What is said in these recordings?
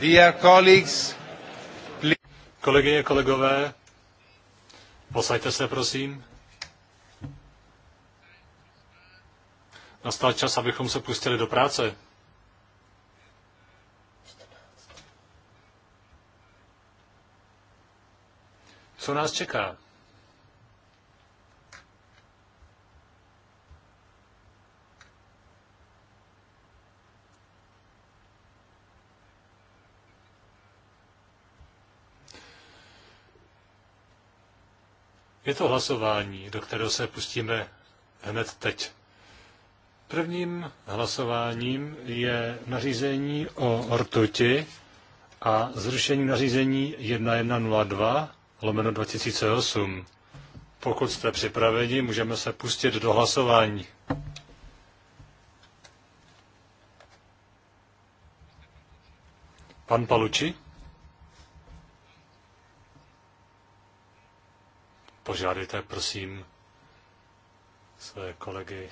Dear colleagues, Kolegyně, kolegové, posaďte se, prosím. Nastal čas, abychom se pustili do práce. Co nás čeká? Je to hlasování, do kterého se pustíme hned teď. Prvním hlasováním je nařízení o ortuti a zrušení nařízení 1102 lomeno 2008. Pokud jste připraveni, můžeme se pustit do hlasování. Pan Paluči? požádejte, prosím, své kolegy.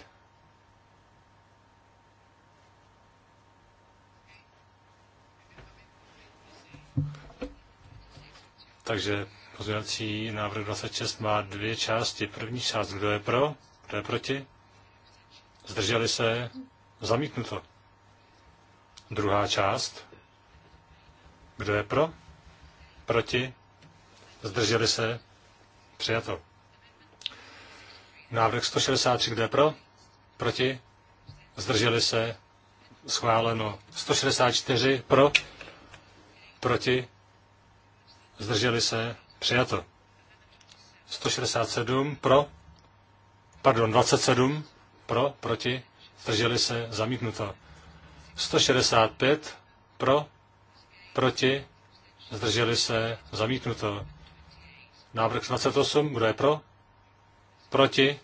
Takže pozměňovací návrh 26 má dvě části. První část, kdo je pro, kdo je proti? Zdrželi se? Zamítnuto. Druhá část. Kdo je pro? Proti? Zdrželi se? Přijato. Návrh 163, kde pro? Proti? Zdrželi se? Schváleno. 164 pro? Proti? Zdrželi se? Přijato. 167 pro? Pardon, 27 pro? Proti? Zdrželi se? Zamítnuto. 165 pro? Proti? Zdrželi se? Zamítnuto. Návrh 28, kdo je pro? Proti?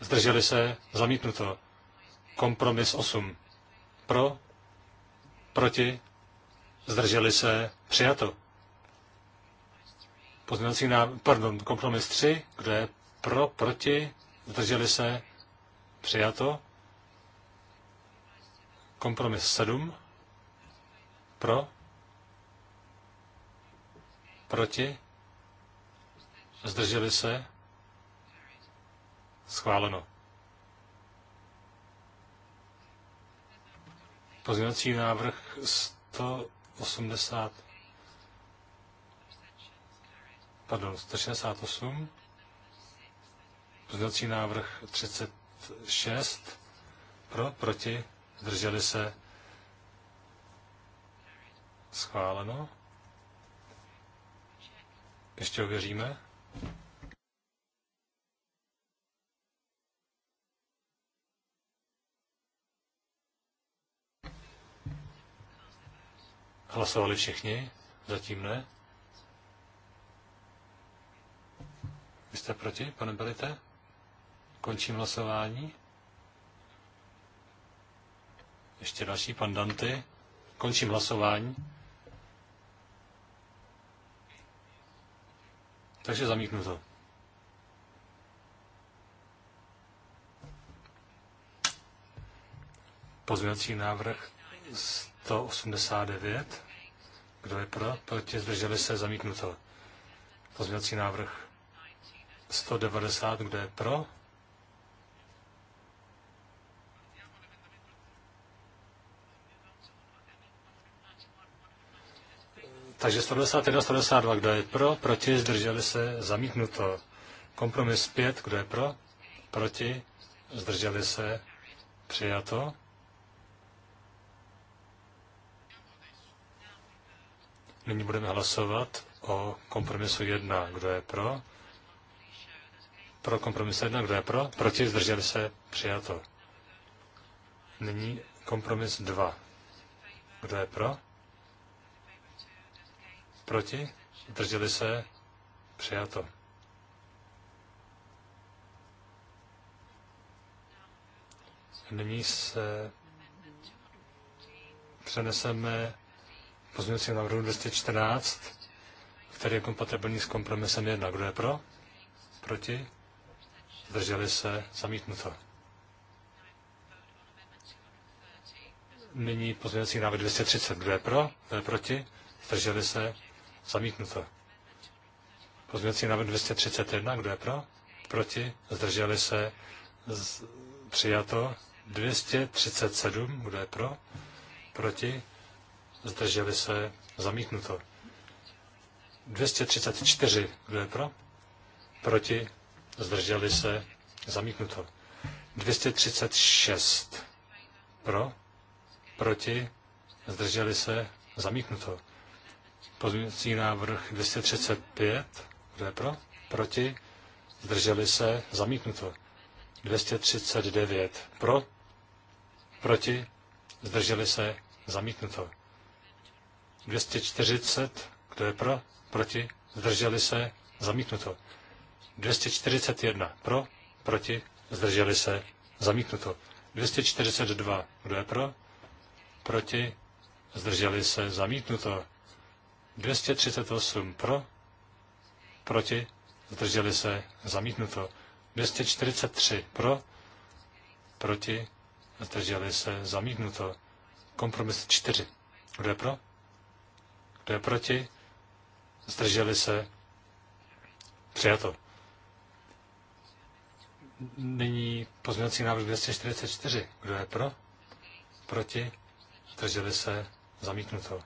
Zdrželi se? Zamítnuto. Kompromis 8. Pro? Proti? Zdrželi se? Přijato. Pozměnací návrh, pardon, kompromis 3, kdo je pro, proti, zdrželi se, přijato. Kompromis 7, pro, proti, Zdrželi se? Schváleno. Pozměňovací návrh 180. Pardon, 168. Pozměňovací návrh 36. Pro, proti, zdrželi se. Schváleno. Ještě ověříme. Hlasovali všichni? Zatím ne? Vy jste proti, pane Belite? Končím hlasování. Ještě další, pan Danty. Končím hlasování. Takže zamítnu to. Pozměňovací návrh 189. Kdo je pro? Proti? Zdrželi se? Zamítnuto. Pozměňovací návrh 190. Kdo je pro? Takže 191, 192, kdo je pro, proti, zdrželi se, zamítnuto. Kompromis 5, kdo je pro, proti, zdrželi se, přijato. Nyní budeme hlasovat o kompromisu 1, kdo je pro. Pro kompromis 1, kdo je pro, proti, zdrželi se, přijato. Nyní kompromis 2. Kdo je pro? Proti? Zdrželi se? Přijato. Nyní se přeneseme na návrhu 214, který je kompatibilní s kompromisem 1. Kdo je pro? Proti? Zdrželi se? Zamítnuto. Nyní pozměnící návrh 230. Kdo je pro? Kdo je proti? Zdrželi se? Zamítnuto. Pozměňovací návrh 231, kdo je pro? Proti? Zdrželi se? Z... Přijato. 237, kdo je pro? Proti? Zdrželi se? Zamítnuto. 234, kdo je pro? Proti? Zdrželi se? Zamítnuto. 236, pro? Proti? Zdrželi se? Zamítnuto. Pozměňovací návrh 235. Kdo je pro? Proti? Zdrželi se? Zamítnuto. 239. Pro? Proti? Zdrželi se? Zamítnuto. 240. Kdo je pro? Proti? Zdrželi se? Zamítnuto. 241. Pro? Proti? Zdrželi se? Zamítnuto. 242. Kdo je pro? Proti? Zdrželi se? Zamítnuto. 238 pro, proti, zdrželi se, zamítnuto. 243 pro, proti, zdrželi se, zamítnuto. Kompromis 4. Kdo je pro? Kdo je proti? Zdrželi se, přijato. Nyní pozměňovací návrh 244. Kdo je pro? Proti? Zdrželi se, zamítnuto.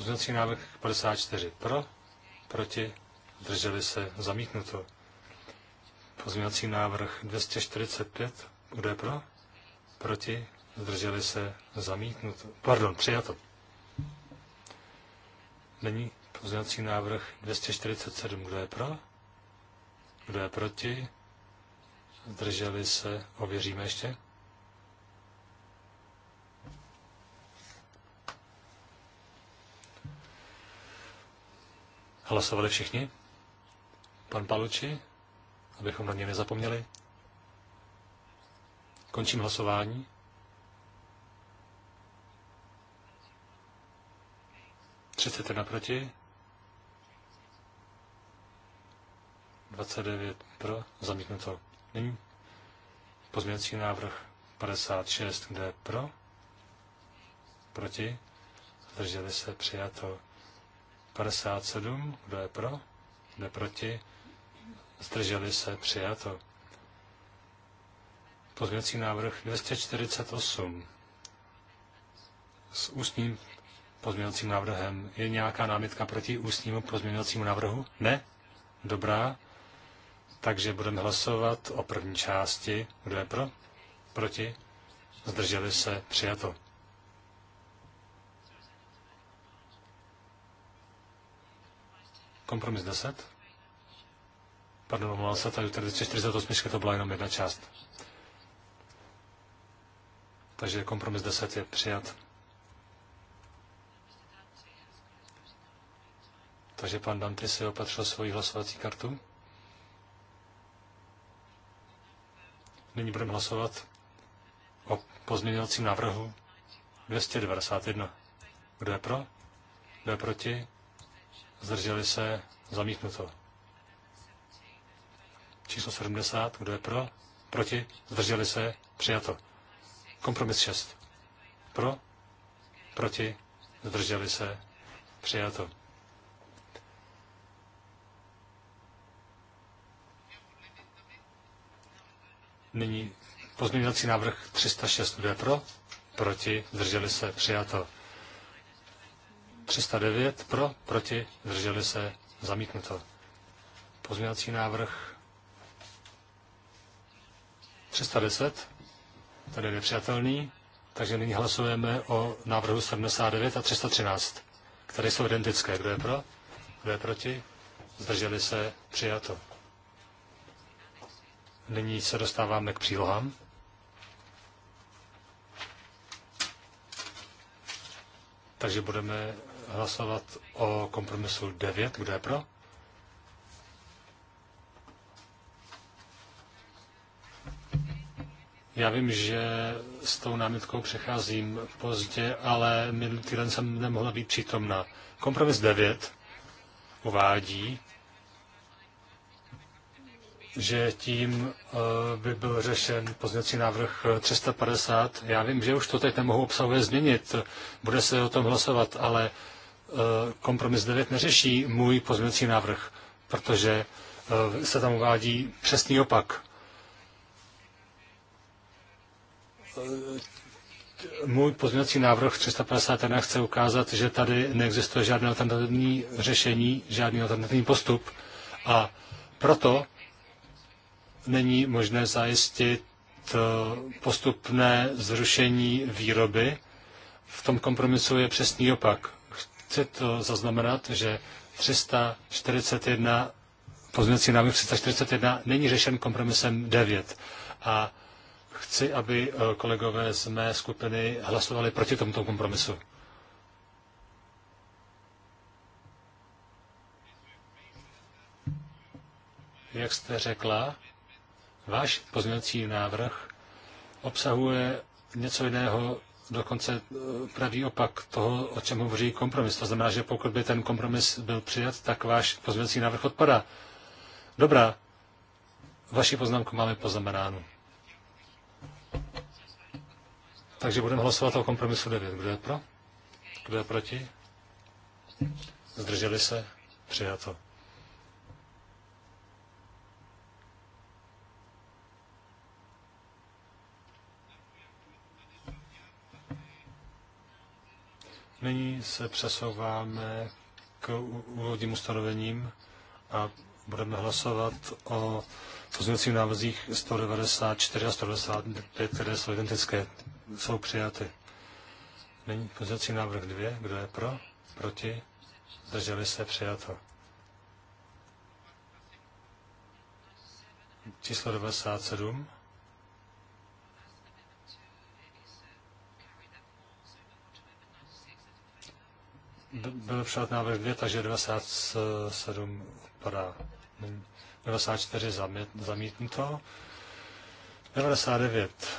Pozměnací návrh 54 pro, proti, drželi se, zamítnuto. Pozměnací návrh 245, kdo je pro, proti, zdrželi se, zamítnuto. Pardon, přijato. Není pozměnací návrh 247, kdo je pro, kdo je proti, zdrželi se, ověříme ještě. Hlasovali všichni? Pan Paluči? Abychom na ně nezapomněli. Končím hlasování. Třicete naproti. proti. 29 pro, zamítnuto. Nyní pozměňovací návrh 56, kde pro, proti, zdrželi se, přijato. 57, kdo je pro, kdo je proti, zdrželi se, přijato. Pozměňovací návrh 248 s ústním pozměňovacím návrhem. Je nějaká námitka proti ústnímu pozměňovacímu návrhu? Ne? Dobrá. Takže budeme hlasovat o první části. Kdo je pro? Proti? Zdrželi se? Přijato. Kompromis 10? Pardon, omlouvám se, tady 48 to byla jenom jedna část. Takže kompromis 10 je přijat. Takže pan Dante si opatřil svoji hlasovací kartu. Nyní budeme hlasovat o pozměňovacím návrhu 291. Kdo je pro? Kdo je proti? zdrželi se, zamítnuto. Číslo 70, kdo je pro, proti, zdrželi se, přijato. Kompromis 6. Pro, proti, zdrželi se, přijato. Nyní pozměňovací návrh 306, kdo je pro, proti, zdrželi se, přijato. 309 pro, proti, zdrželi se, zamítnuto. Pozměňovací návrh 310, tady je nepřijatelný, takže nyní hlasujeme o návrhu 79 a 313, které jsou identické. Kdo je pro? Kdo je proti? Zdrželi se, přijato. Nyní se dostáváme k přílohám. Takže budeme hlasovat o kompromisu 9. Kdo je pro? Já vím, že s tou námitkou přecházím pozdě, ale minulý týden jsem nemohla být přítomna. Kompromis 9 uvádí, že tím eh, by byl řešen pozněcí návrh 350. Já vím, že už to teď nemohu obsahově změnit, bude se o tom hlasovat, ale Eh, kompromis 9 neřeší můj pozměňovací návrh, protože eh, se tam uvádí přesný opak. Eh, můj pozměňovací návrh 351 chce ukázat, že tady neexistuje žádné alternativní řešení, žádný alternativní postup a proto není možné zajistit postupné zrušení výroby. V tom kompromisu je přesný opak. Chci to zaznamenat, že 341, pozměnací návrh 341 není řešen kompromisem 9. A chci, aby eh, kolegové z mé skupiny hlasovali proti tomuto kompromisu. Jak jste řekla, váš pozměnací návrh obsahuje něco jiného, dokonce eh, pravý opak toho, o čem hovoří kompromis. To znamená, že pokud by ten kompromis byl přijat, tak váš pozměnací návrh odpadá. Dobrá, vaši poznámku máme poznamenánu. Takže budeme hlasovat o kompromisu 9. Kdo je pro? Kdo je proti? Zdrželi se? Přijato. Nyní se přesouváme k úvodním ustanovením a budeme hlasovat o pozměňovacích návrzích 194 a 195, které jsou identické, jsou přijaty. Nyní pozměňovací návrh 2, kdo je pro, proti, zdrželi se, přijato. Číslo 97. byl přijat návrh 2, takže 97 padá. 94 zamítnuto. 99.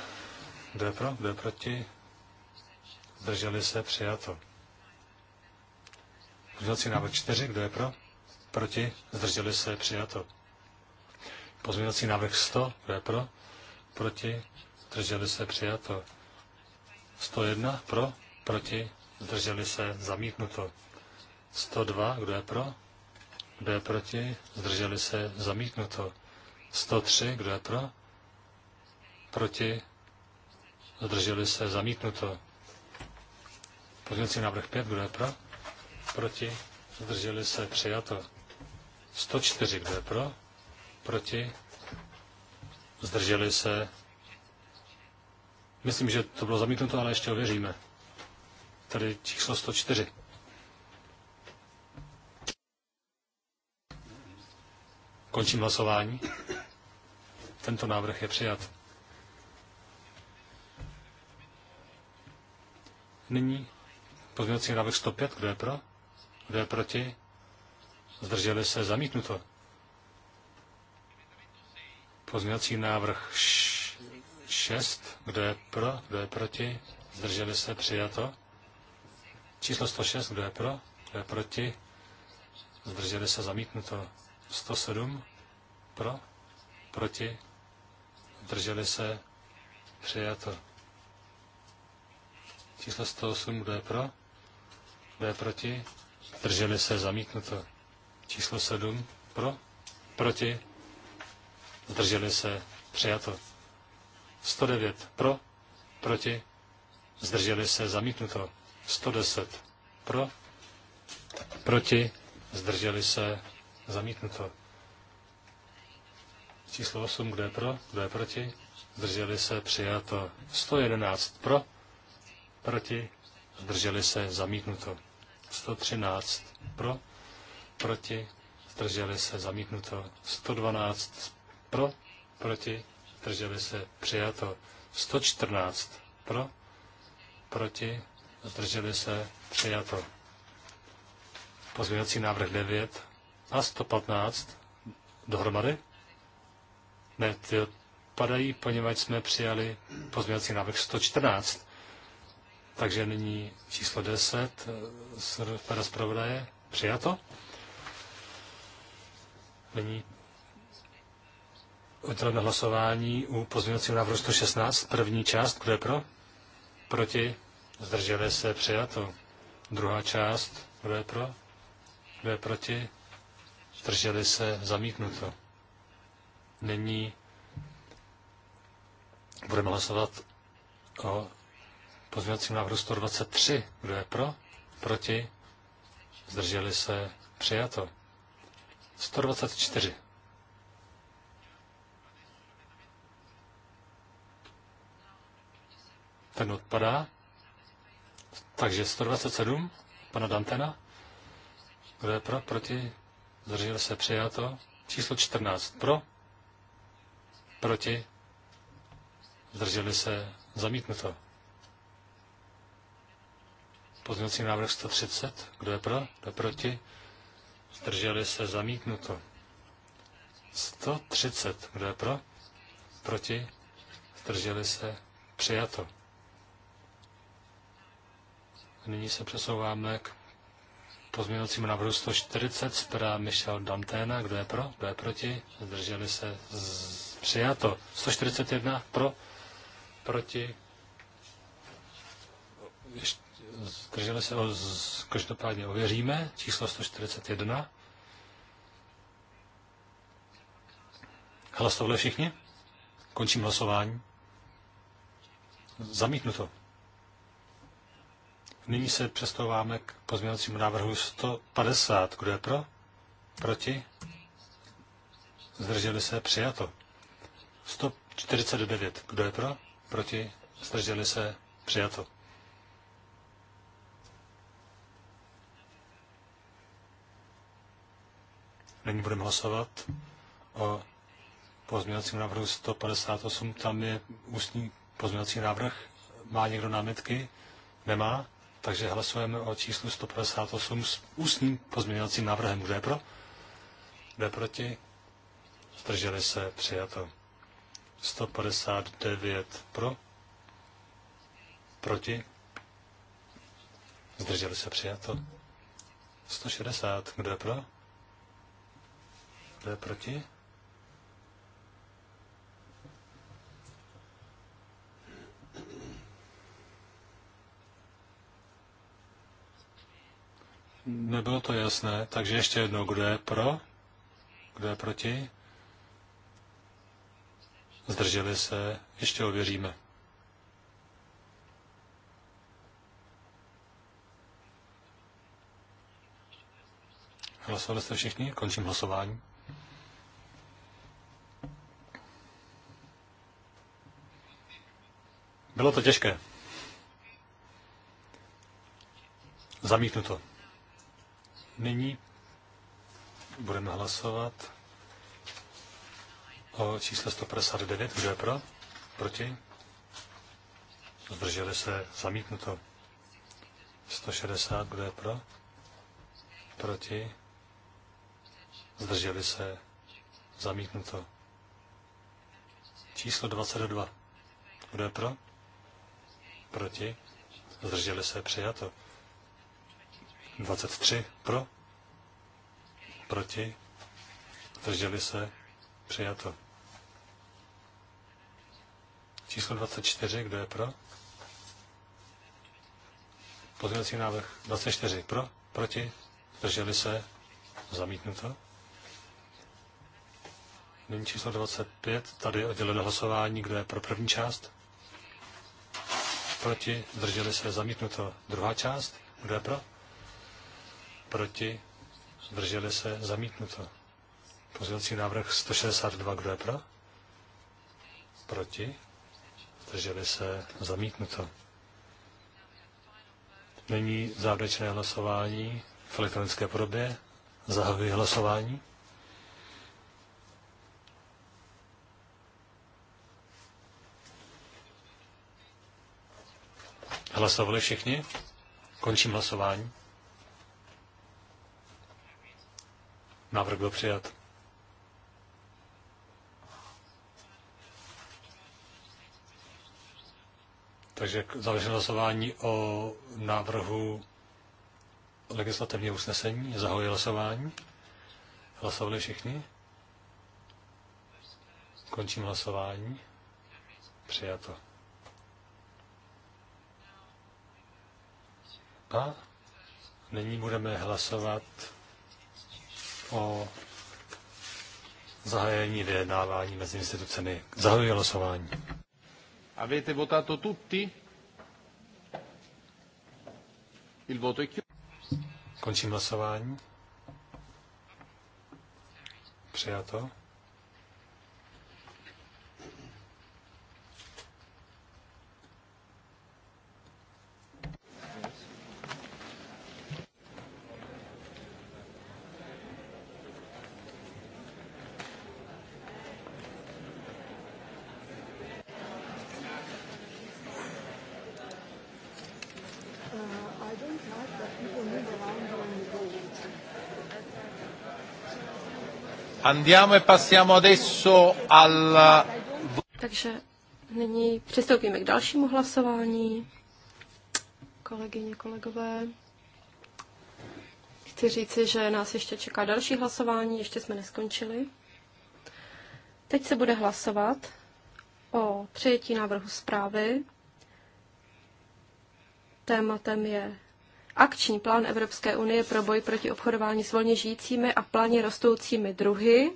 Kdo je pro? Kdo je proti? Zdrželi se, přijato. Pozměňovací návrh 4, kdo je pro? Proti? Zdrželi se, přijato. Pozměňovací návrh 100, kdo je pro? Proti? Zdrželi se, přijato. 101, pro? Proti? zdrželi se, zamítnuto. 102, kdo je pro, kdo je proti, zdrželi se, zamítnuto. 103, kdo je pro, proti, zdrželi se, zamítnuto. Pozměňovací návrh 5, kdo je pro, proti, zdrželi se, přijato. 104, kdo je pro, proti, zdrželi se. Myslím, že to bylo zamítnuto, ale ještě ověříme tedy číslo 104. Končím hlasování. Tento návrh je přijat. Nyní pozměňovací návrh 105. Kdo je pro? Kdo je proti? Zdrželi se zamítnuto. Pozměňovací návrh 6. Kdo je pro? Kdo je proti? Zdrželi se přijato. Číslo 106, kdo je pro, kdo je proti, zdrželi se zamítnuto. 107, pro, proti, zdrželi se přijato. Číslo 108, kdo je pro, kdo je proti, zdrželi se zamítnuto. Číslo 7, pro, proti, zdrželi se přijato. 109, pro, proti, zdrželi se zamítnuto. 110 pro, proti, zdrželi se, zamítnuto. Číslo 8, kdo je pro, kdo je proti, zdrželi se, přijato. 111 pro, proti, zdrželi se, zamítnuto. 113 pro, proti, zdrželi se, zamítnuto. 112 pro, proti, zdrželi se, přijato. 114 pro, proti, zdrželi se, přijato. Pozměňovací návrh 9 a 115 dohromady? Ne, ty odpadají, poněvadž jsme přijali pozměňovací návrh 114. Takže nyní číslo 10 z eh, pana zpravodaje přijato. Nyní oddělené hlasování u pozměňovacího návrhu 116, první část, kdo je pro? Proti? Zdrželi se přijato. Druhá část. Kdo je pro? Kdo je proti? Zdrželi se zamítnuto. Nyní budeme hlasovat o pozměňovacím návrhu 123. Kdo je pro? Proti? Zdrželi se přijato. 124. Ten odpadá. Takže 127, pana Dantena. Kdo je pro, proti? Zdržel se, přijato. Číslo 14, pro, proti? Zdrželi se, zamítnuto. Pozměňovací návrh 130, kdo je pro, kdo je proti? Zdrželi se, zamítnuto. 130, kdo je pro, proti? Zdrželi se, přijato. Nyní se přesouváme k pozměňovacímu návrhu 140 z pera Michel Danténa. Kdo je pro? Kdo je proti? Zdrželi se z... přijato. 141 pro? Proti? Zdrželi se, o... každopádně ověříme, číslo 141. Hlasovali všichni? Končím hlasování. Zamítnuto. to. Nyní se přestováme k pozměňovacímu návrhu 150. Kdo je pro? Proti? Zdrželi se? Přijato. 149. Kdo je pro? Proti? Zdrželi se? Přijato. Nyní budeme hlasovat o pozměňovacím návrhu 158. Tam je ústní pozměňovací návrh. Má někdo námitky? Nemá? Takže hlasujeme o číslu 158 s ústním pozměňovacím návrhem. Kdo je pro? Kdo je proti? Zdrželi se, přijato. 159 pro, proti, zdrželi se, přijato. 160, kdo je pro? Kdo je proti? Nebylo to jasné, takže ještě jednou, kdo je pro, kdo je proti. Zdrželi se, ještě ověříme. Hlasovali jste všichni? Končím hlasování. Bylo to těžké. Zamítnu to. Nyní budeme hlasovat o čísle 159. Kdo je pro? Proti? Zdrželi se zamítnuto. 160. Kdo je pro? Proti? Zdrželi se zamítnuto. Číslo 22. Kdo je pro? Proti? Zdrželi se přijato. 23 pro, proti, zdrželi se, přijato. Číslo 24, kdo je pro? Pozměňovací návrh 24 pro, proti, zdrželi se, zamítnuto. Nyní číslo 25, tady je odděleno hlasování, kdo je pro první část? Proti, zdrželi se, zamítnuto. Druhá část, kdo je pro? proti, zdrželi se, zamítnuto. Pozvědcí návrh 162, kdo je pro? Proti, zdrželi se, zamítnuto. Nyní závěrečné hlasování v elektronické podobě. Zahajuji hlasování. Hlasovali všichni? Končím hlasování. Návrh byl přijat. Takže závěrečné hlasování o návrhu legislativního usnesení. Zahojí hlasování. Hlasovali všichni? Končím hlasování. Přijato. A nyní budeme hlasovat o zahájení vyjednávání mezi institucemi. Zahajuji hlasování. Avete votato tutti? Il voto è Končím hlasování. Přijato. Andiamo e passiamo adesso al... Takže nyní přistoupíme k dalšímu hlasování. Kolegyně, kolegové, chci říci, že nás ještě čeká další hlasování, ještě jsme neskončili. Teď se bude hlasovat o přijetí návrhu zprávy. Tématem je akční plán Evropské unie pro boj proti obchodování s volně žijícími a pláně rostoucími druhy.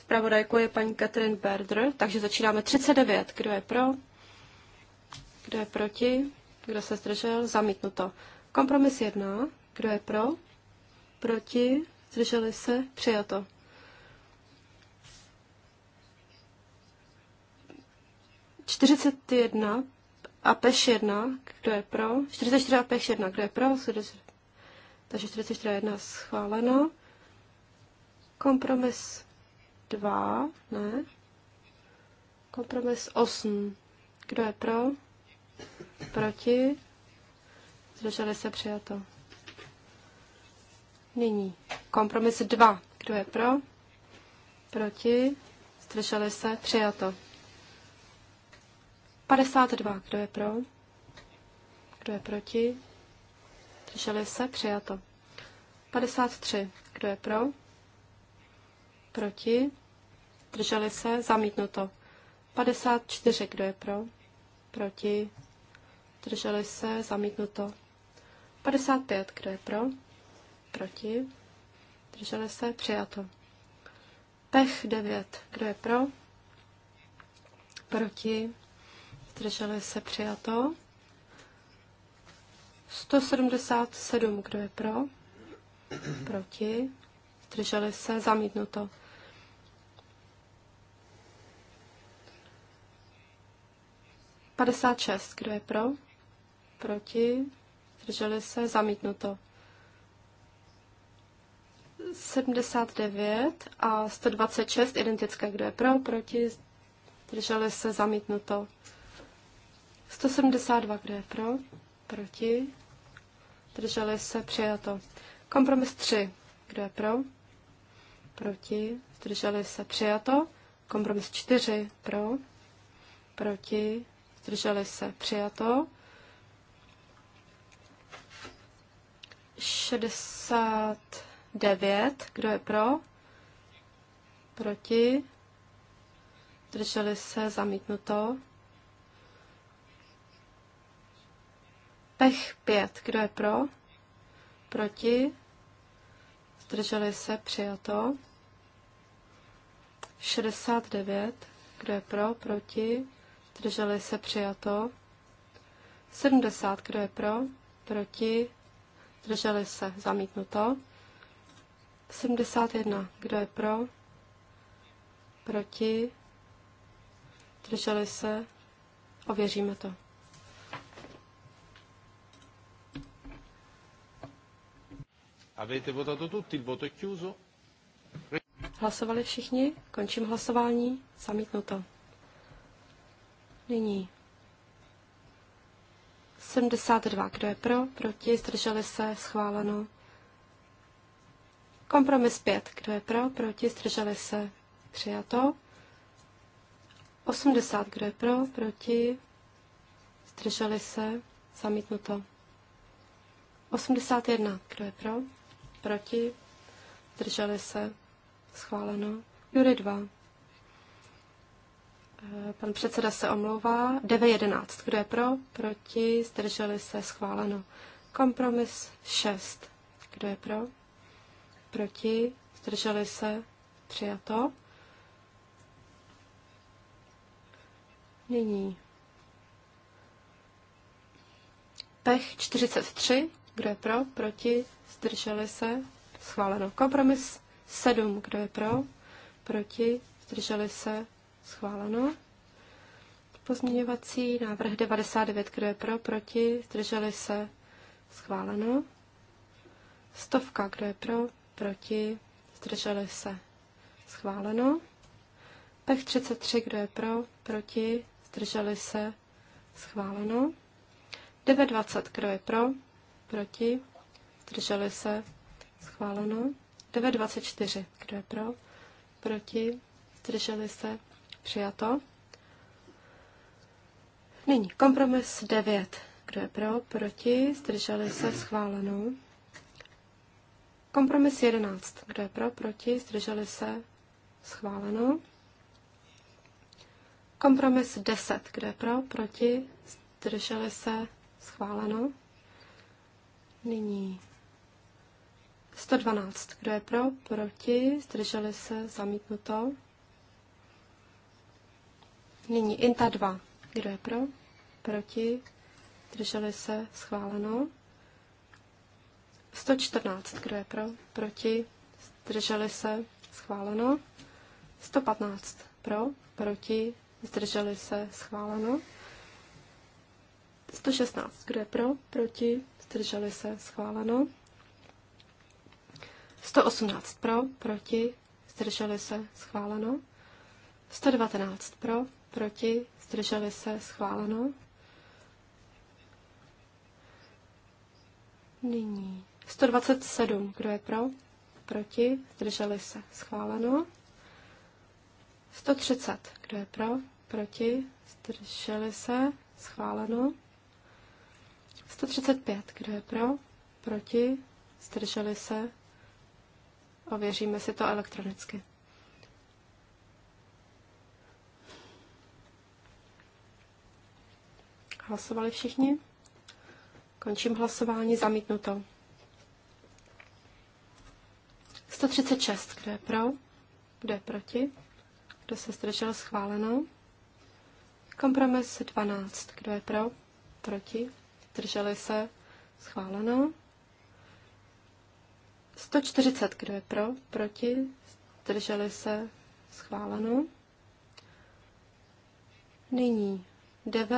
Zpravodajkou je paní Katrin Berder, takže začínáme 39. Kdo je pro? Kdo je proti? Kdo se zdržel? Zamítnuto. Kompromis 1. Kdo je pro? Proti? Zdrželi se? Přijato. Čtyřicet jedna a peš 1, kdo je pro? 44 a peš 1, kdo je pro? Takže 44 a 1 schváleno. Kompromis 2, ne. Kompromis 8, kdo je pro? Proti? Zdrželi se přijato. Nyní kompromis 2, kdo je pro? Proti? Zdrželi se přijato. 52. Kdo je pro? Kdo je proti? Drželi se? Přijato. 53. Kdo je pro? Proti? Drželi se? Zamítnuto. 54. Kdo je pro? Proti? Drželi se? Zamítnuto. 55. Kdo je pro? Proti? Drželi se? Přijato. Pech 9. Kdo je pro? Proti? zdrželi se přijato. 177, kdo je pro? Proti. Zdrželi se zamítnuto. Padesát šest, kdo je pro? Proti. Zdrželi se zamítnuto. 79 a 126 identické, kdo je pro, proti, zdrželi se zamítnuto. 172, kde je pro, proti, Drželi se, přijato. Kompromis 3, kdo je pro, proti, zdrželi se, přijato. Kompromis 4, pro, proti, zdrželi se, přijato. 69, kdo je pro, proti, Drželi se, zamítnuto. Pech 5. Kdo je pro? Proti? Zdrželi se? Přijato. 69. Kdo je pro? Proti? Zdrželi se? Přijato. 70. Kdo je pro? Proti? Zdrželi se? Zamítnuto. 71. Kdo je pro? Proti? Drželi se? Ověříme to. Avete votato tutti, il voto è chiuso. Hlasovali všichni? Končím hlasování. Zamítnuto. Nyní 72. Kdo je pro? Proti? Zdrželi se? Schváleno. Kompromis 5. Kdo je pro? Proti? Zdrželi se? Přijato. 80. Kdo je pro? Proti? Zdrželi se? Zamítnuto. 81. Kdo je pro? proti, drželi se, schváleno. Jury 2. Eh, pan předseda se omlouvá. 9.11. Kdo je pro? Proti. Zdrželi se. Schváleno. Kompromis 6. Kdo je pro? Proti. Zdrželi se. Přijato. Nyní. Pech 43. Kdo je pro? Proti? Zdrželi se? Schváleno. Kompromis 7. Kdo je pro? Proti? Zdrželi se? Schváleno. Pozměňovací návrh 99. Kdo je pro? Proti? Zdrželi se? Schváleno. Stovka. Kdo je pro? Proti? Zdrželi se? Schváleno. Pech 33. Kdo je pro? Proti? Zdrželi se? Schváleno. 920. Kdo je pro? proti, zdrželi se, schváleno. 924, kdo je pro, proti, zdrželi se, přijato. Nyní kompromis 9, kdo je pro, proti, zdrželi se, schváleno. Kompromis 11, kdo je pro, proti, zdrželi se, schváleno. Kompromis 10, kdo je pro, proti, zdrželi se, schváleno. Nyní 112. Kdo je pro? Proti? Zdrželi se? Zamítnuto. Nyní INTA 2. Kdo je pro? Proti? Zdrželi se? Schváleno. 114. Kdo je pro? Proti? Zdrželi se? Schváleno. 115. Pro? Proti? Zdrželi se? Schváleno. 116. Kdo je pro? Proti? zdrželi se, schváleno. 118 pro, proti, zdrželi se, schváleno. 119 pro, proti, zdrželi se, schváleno. Nyní 127, kdo je pro, proti, zdrželi se, schváleno. 130, kdo je pro, proti, zdrželi se, schváleno. 135. Kdo je pro? Proti? Zdrželi se? Ověříme si to elektronicky. Hlasovali všichni? Končím hlasování zamítnuto. 136. Kdo je pro? Kdo je proti? Kdo se zdržel schváleno? Kompromis 12. Kdo je pro? Proti? zdrželi se, schváleno. 140, kdo je pro, proti, zdrželi se, schváleno. Nyní DV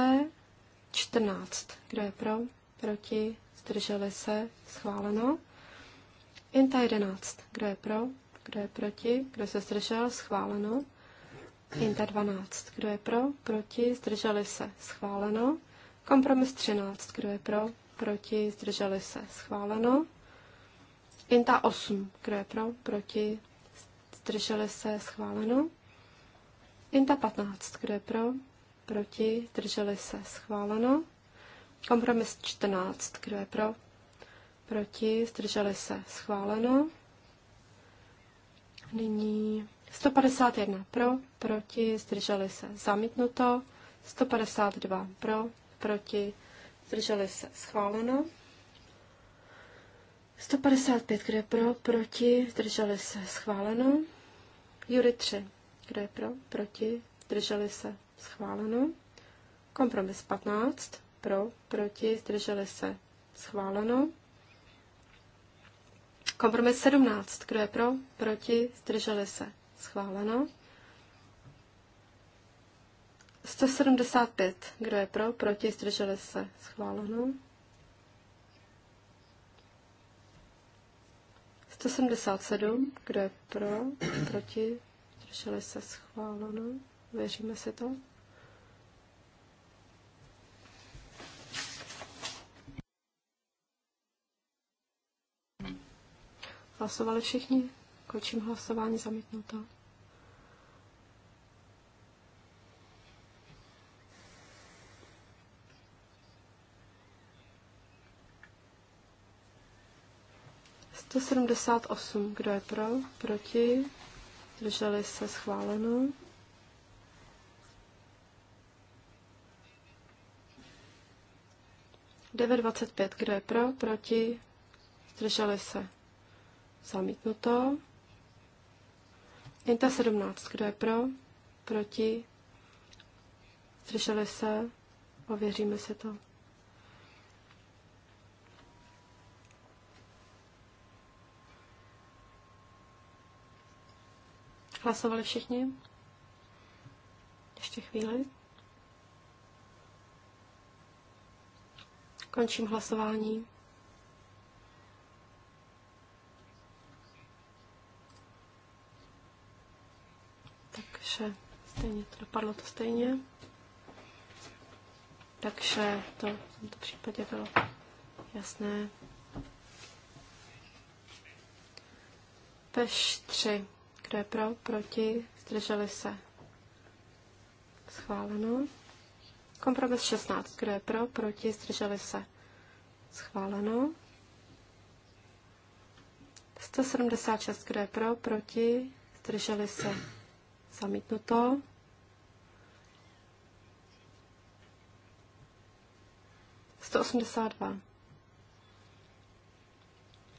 14, kdo je pro, proti, zdrželi se, schváleno. Inta 11, kdo je pro, kdo je proti, kdo se zdržel, schváleno. Inta 12, kdo je pro, proti, zdrželi se, schváleno. Kompromis 13. Kdo je pro? Proti? Zdrželi se. Schváleno. Inta 8. Kdo je pro? Proti? Zdrželi se. Schváleno. Inta 15. Kdo je pro? Proti? Zdrželi se. Schváleno. Kompromis 14. Kdo je pro? Proti? Zdrželi se. Schváleno. Nyní 151 pro, proti, zdrželi se, zamítnuto, 152 pro, proti, zdrželi se, schváleno. 155, kdo je pro, proti, zdrželi se, schváleno. Jury 3, kdo je pro, proti, zdrželi se, schváleno. Kompromis 15, pro, proti, zdrželi se, schváleno. Kompromis 17, kdo je pro, proti, zdrželi se, schváleno. 175. Kdo je pro? Proti? Zdrželi se? Schváleno. 177. Kdo je pro? Proti? Zdrželi se? Schváleno. Věříme si to. Hlasovali všichni? Končím hlasování zamítnuto. 178. Kdo je pro? Proti? Drželi se schváleno. Devět dvacet pět. Kdo je pro? Proti? Zdrželi se. Zamítnuto. Inta 17. Kdo je pro? Proti? Zdrželi se? Ověříme si to. Hlasovali všichni? Ještě chvíli. Končím hlasování. Takže stejně to dopadlo to stejně. Takže to v tomto případě bylo jasné. Peš 3. Kdo je pro? Proti? Zdrželi se? Schváleno. Kompromis 16. Kdo je pro? Proti? Zdrželi se? Schváleno. 176. Kdo je pro? Proti? Zdrželi se? Zamítnuto. 182. osmdesát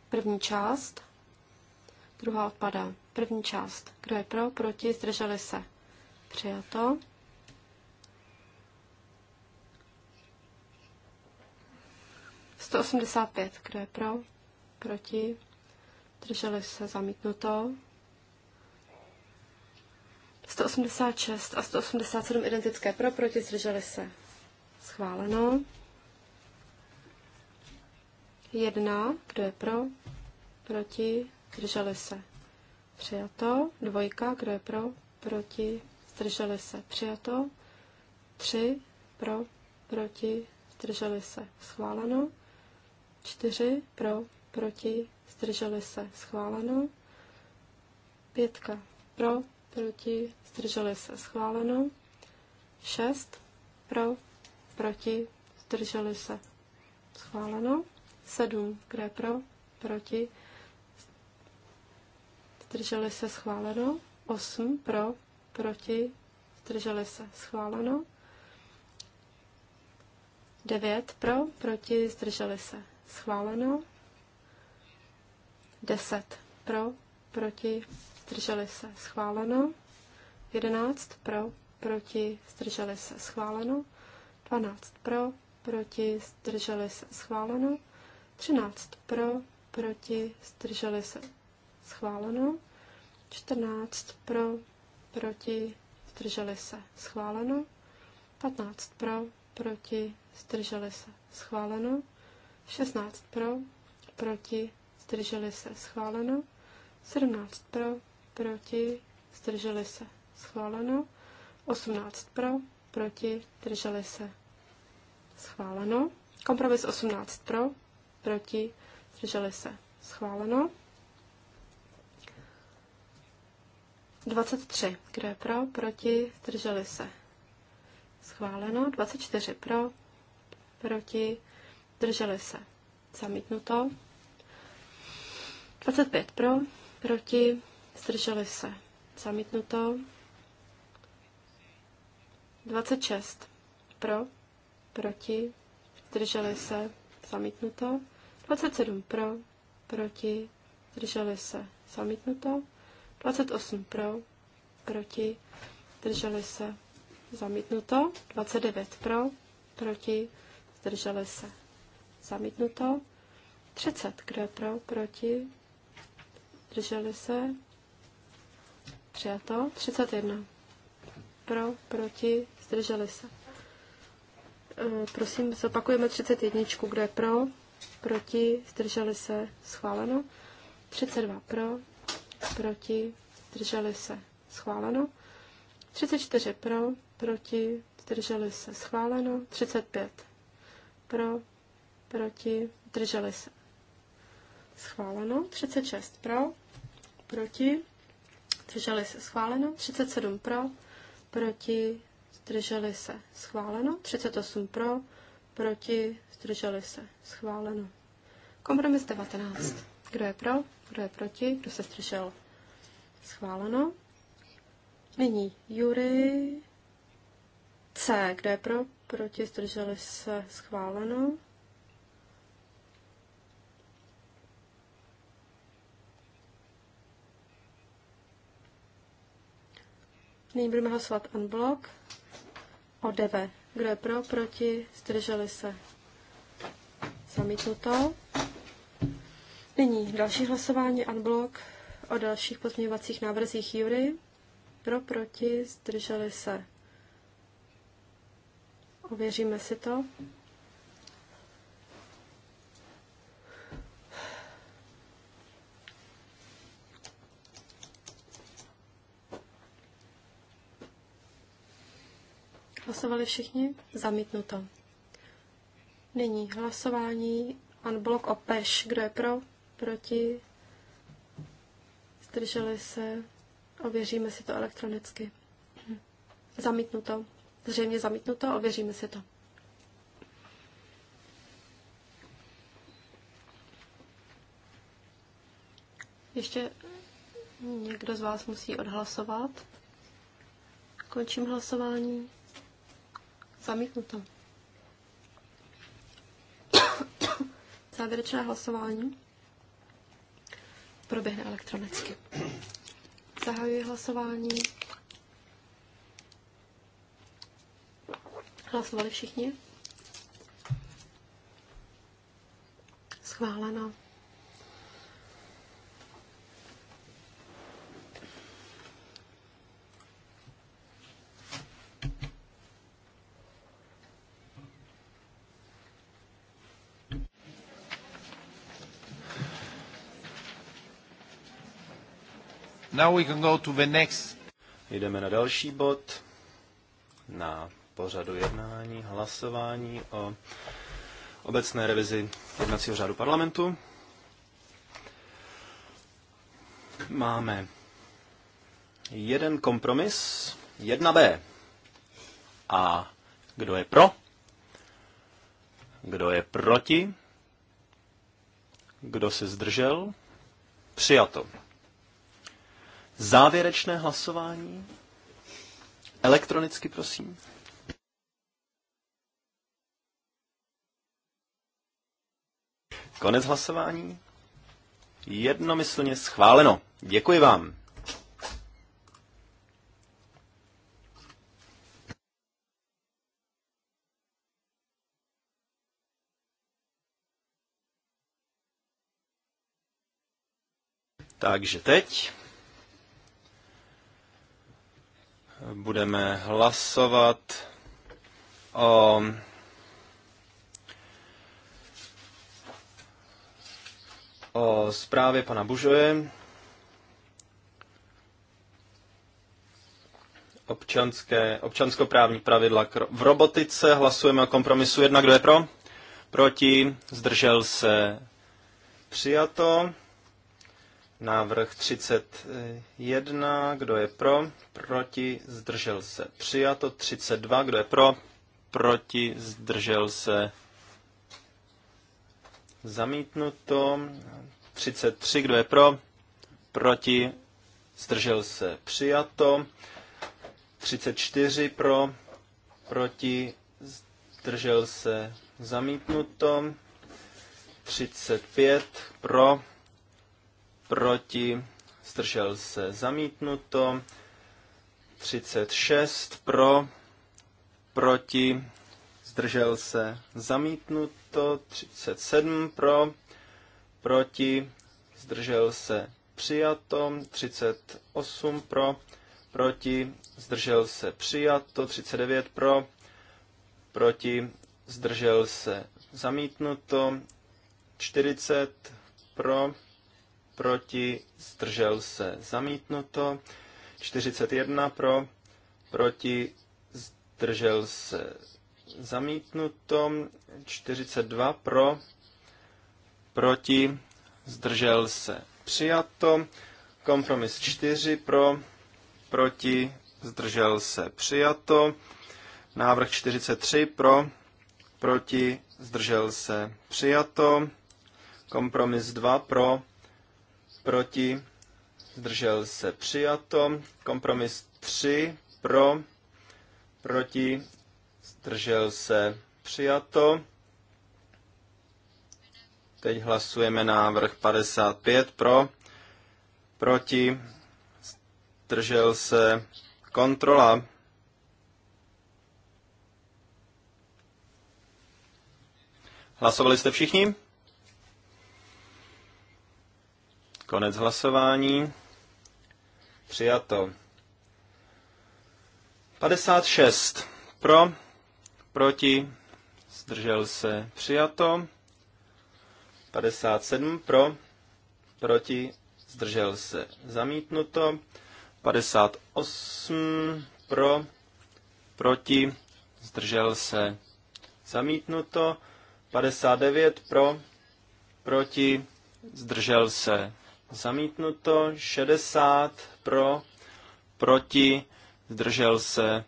První část druhá odpadá. První část. Kdo je pro, proti, zdrželi se. Přijato. to? osmdesát pět. Kdo je pro, proti, zdrželi se, zamítnuto. 186 a 187 identické pro, proti, zdrželi se. Schváleno. Jedna, kdo je pro, proti, zdrželi se, přijato. Dvojka, kdo je pro, proti, zdrželi se, přijato. Tři, pro, proti, zdrželi se, schváleno. Čtyři, pro, proti, zdrželi se, schváleno. Pětka, pro, proti, zdrželi se, schváleno. Šest, pro, proti, zdrželi se, schváleno. Sedm, kde pro, proti, zdrželi se schváleno, 8 pro, proti, zdrželi se schváleno, 9 pro, proti, zdrželi se schváleno, 10 pro, proti, zdrželi se schváleno, 11 pro, proti, zdrželi se schváleno, 12 pro, proti, zdrželi se schváleno, 13 pro, proti, zdrželi se schváleno. 14 pro, proti, zdrželi se, schváleno. 15 pro, proti, zdrželi se, schváleno. 16 pro, proti, zdrželi se, schváleno. 17 pro, proti, zdrželi se, schváleno. 18 pro, proti, zdrželi se, schváleno. Kompromis 18 pro, proti, zdrželi se, schváleno. 23. Kdo je pro? Proti? Zdrželi se. Schváleno. 24. Pro? Proti? Zdrželi se. Zamítnuto. 25. Pro? Proti? Zdrželi se. Zamítnuto. 26. Pro? Proti? Zdrželi se. Zamítnuto. 27. Pro? Proti? Zdrželi se. Zamítnuto. 28 pro, proti, zdrželi se, zamítnuto. 29 pro, proti, zdrželi se, zamítnuto. 30, kdo je pro, proti, zdrželi se, přijato. 31 pro, proti, zdrželi se. E, prosím, zopakujeme 31, kdo je pro, proti, zdrželi se, schváleno. 32 pro, proti, zdrželi se, schváleno. 34 pro, proti, zdrželi se, schváleno. 35 pro, proti, zdrželi se, schváleno. 36 pro, proti, zdrželi se, schváleno. 37 pro, proti, zdrželi se, schváleno. 38 pro, proti, zdrželi se, schváleno. Kompromis 19. Kdo je pro? Kdo je proti? Kdo se střešel? Schváleno. Nyní Jury C. Kdo je pro? Proti? Zdrželi se? Schváleno. Nyní budeme hlasovat unblock o deve. Kdo je pro, proti, zdrželi se. Zamítnuto. Nyní další hlasování unblock o dalších pozměňovacích návrzích Jury. Pro, proti, zdrželi se. Ověříme si to. Hlasovali všichni? Zamítnuto. Nyní hlasování unblock o peš. Kdo je pro? proti, zdrželi se, ověříme si to elektronicky. Zamítnuto, zřejmě zamítnuto, ověříme si to. Ještě někdo z vás musí odhlasovat. Končím hlasování. Zamítnuto. Závěrečné hlasování proběhne elektronicky. Zahajuji hlasování. Hlasovali všichni? Schváleno. Now we can go to the next. Jdeme na další bod, na pořadu jednání, hlasování o obecné revizi jednacího řádu parlamentu. Máme jeden kompromis, 1B. A kdo je pro? Kdo je proti? Kdo se zdržel? Přijato. Závěrečné hlasování. Elektronicky, prosím. Konec hlasování. Jednomyslně schváleno. Děkuji vám. Takže teď budeme hlasovat o o zprávě pana Bužoje. Občanské, občanskoprávní pravidla v robotice. Hlasujeme o kompromisu Jedna, Kdo je pro? Proti? Zdržel se? Přijato. Návrh 31, kdo je pro, proti, zdržel se. Přijato 32, kdo je pro, proti, zdržel se. Zamítnuto 33, kdo je pro, proti, zdržel se. Přijato 34 pro, proti, zdržel se. Zamítnuto 35 pro, proti, zdržel se zamítnuto, 36 pro, proti, zdržel se zamítnuto, 37 pro, proti, zdržel se přijato, 38 pro, proti, zdržel se přijato, 39 pro, proti, zdržel se zamítnuto, 40 pro, proti, zdržel se zamítnuto, 41 pro, proti, zdržel se zamítnuto, 42 pro, proti, zdržel se přijato, kompromis 4 pro, proti, zdržel se přijato, návrh 43 pro, proti, zdržel se přijato, kompromis 2 pro, proti, zdržel se přijato. Kompromis 3 pro, proti, zdržel se přijato. Teď hlasujeme návrh 55 pro, proti, zdržel se kontrola. Hlasovali jste všichni? Konec hlasování. Přijato. 56 pro, proti, zdržel se, přijato. 57 pro, proti, zdržel se, zamítnuto. 58 pro, proti, zdržel se, zamítnuto. 59 pro, proti, zdržel se, Zamítnuto 60 pro, proti, zdržel se.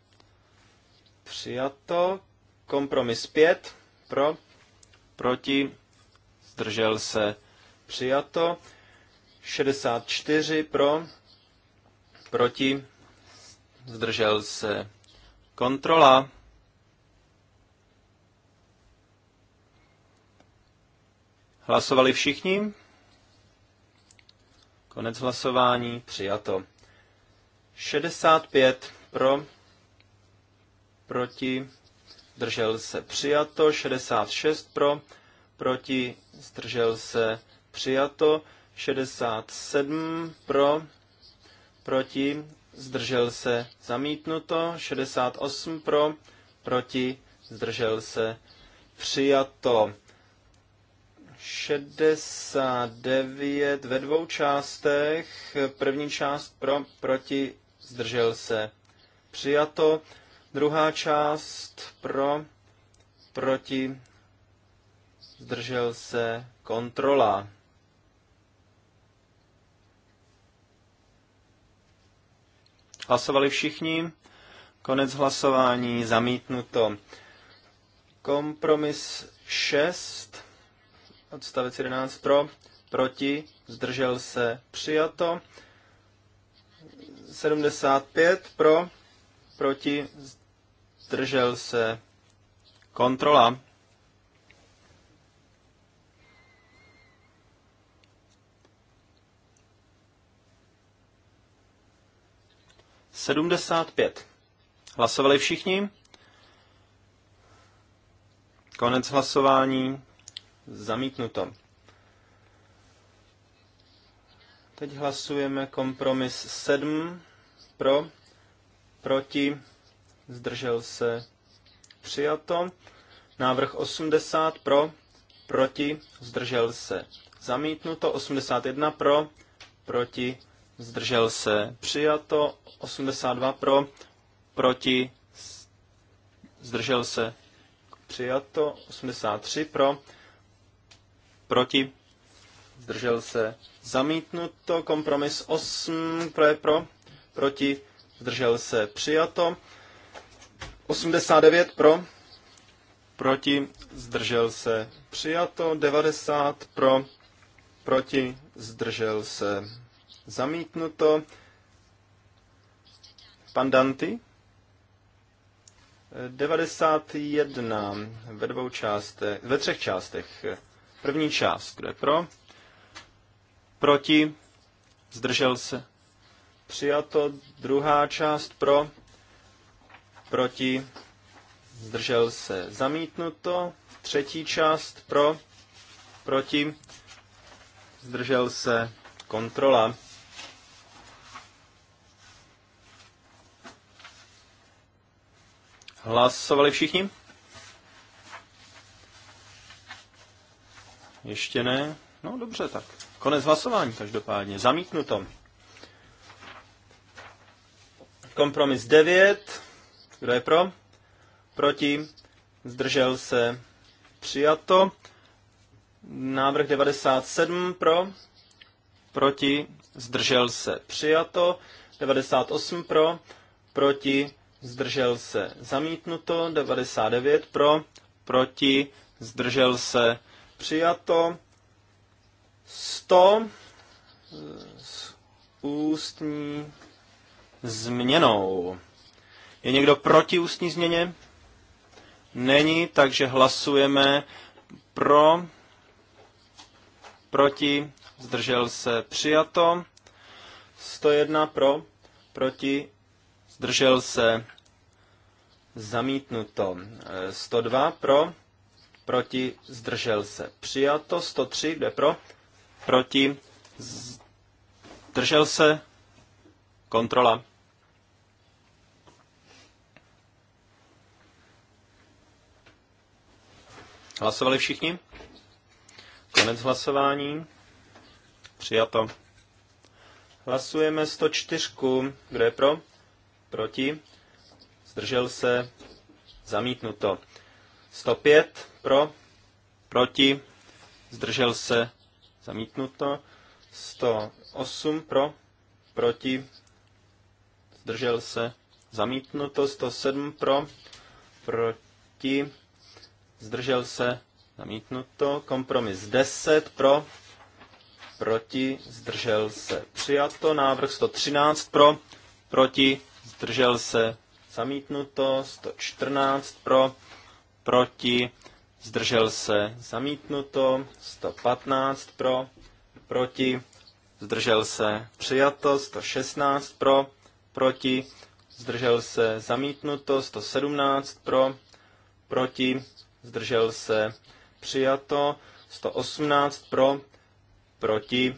Přijato. Kompromis 5 pro, proti, zdržel se. Přijato. 64 pro, proti, zdržel se. Kontrola. Hlasovali všichni? Konec hlasování. Přijato. 65 pro, proti, zdržel se přijato, 66 pro, proti, zdržel se přijato, 67 pro, proti, zdržel se zamítnuto, 68 pro, proti, zdržel se přijato. 69 ve dvou částech. První část pro, proti, zdržel se. Přijato. Druhá část pro, proti, zdržel se. Kontrola. Hlasovali všichni. Konec hlasování. Zamítnuto. Kompromis 6 Odstavec 11 pro, proti, zdržel se, přijato. 75 pro, proti, zdržel se, kontrola. Sedmdesát pět. Hlasovali všichni? Konec hlasování. Zamítnuto. Teď hlasujeme kompromis 7 pro, proti, zdržel se, přijato. Návrh 80 pro, proti, zdržel se, zamítnuto. 81 pro, proti, zdržel se, přijato. 82 pro, proti, zdržel se, přijato. 83 pro, proti, zdržel se, zamítnuto, kompromis 8, pro je pro, proti, zdržel se, přijato, 89 pro, proti, zdržel se, přijato, 90 pro, proti, zdržel se, zamítnuto, pan Danty, 91 ve dvou částech, ve třech částech. První část, kdo je pro? Proti? Zdržel se? Přijato. Druhá část pro? Proti? Zdržel se? Zamítnuto. Třetí část pro? Proti? Zdržel se? Kontrola. Hlasovali všichni? Ještě ne? No dobře, tak. Konec hlasování každopádně. Zamítnuto. Kompromis 9. Kdo je pro? Proti? Zdržel se? Přijato. Návrh 97 pro? Proti? Zdržel se? Přijato. 98 pro? Proti? Zdržel se? Zamítnuto. 99 pro? Proti? Zdržel se? Přijato 100 eh, s ústní změnou. Je někdo proti ústní změně? Není, takže hlasujeme pro, proti, zdržel se přijato, 101 pro, proti, zdržel se zamítnuto, 102 eh, pro, proti, zdržel se. Přijato 103, kde pro, proti, zdržel se, kontrola. Hlasovali všichni? Konec hlasování. Přijato. Hlasujeme 104. Kdo je pro? Proti? Zdržel se? Zamítnuto. 105 pro, proti, zdržel se, zamítnuto, 108 pro, proti, zdržel se, zamítnuto, 107 pro, proti, zdržel se, zamítnuto, kompromis 10 pro, proti, zdržel se, přijato, návrh 113 pro, proti, zdržel se, zamítnuto, 114 pro, proti, zdržel se, zamítnuto, 115 pro, proti, zdržel se, přijato, 116 pro, proti, zdržel se, zamítnuto, 117 pro, proti, zdržel se, přijato, 118 pro, proti,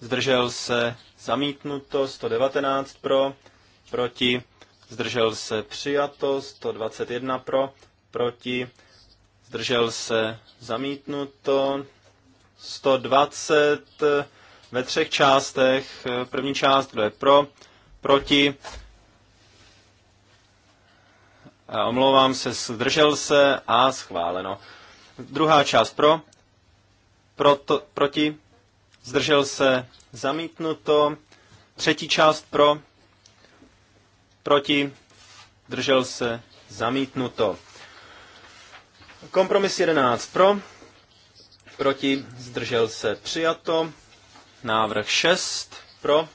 zdržel se, zamítnuto, 119 pro, proti, zdržel se, přijato, 121 pro, proti, zdržel se zamítnuto. 120 eh, ve třech částech. Eh, první část, kdo je pro, proti. A omlouvám se, zdržel se a schváleno. Druhá část pro, proto, proti, zdržel se, zamítnuto. Třetí část pro, proti, zdržel se, zamítnuto. Kompromis 11 pro, proti, zdržel se přijato. Návrh 6 pro,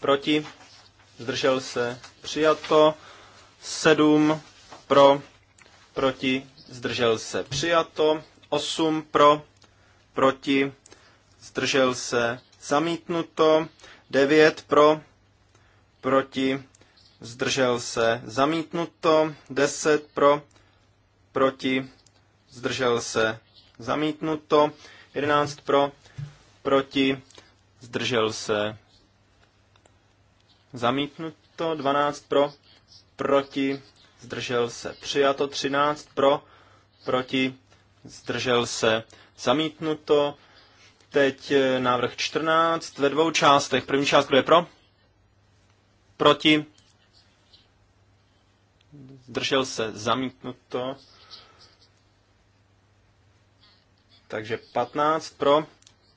proti, zdržel se přijato. 7 pro, proti, zdržel se přijato. 8 pro, proti, zdržel se zamítnuto. 9 pro, proti, zdržel se zamítnuto. 10 pro, proti, zdržel se, zamítnuto. 11 pro, proti, zdržel se, zamítnuto. 12 pro, proti, zdržel se, přijato. 13 pro, proti, zdržel se, zamítnuto. Teď eh, návrh 14 ve dvou částech. První část, kdo je pro? Proti. Zdržel se zamítnuto. Takže 15 pro,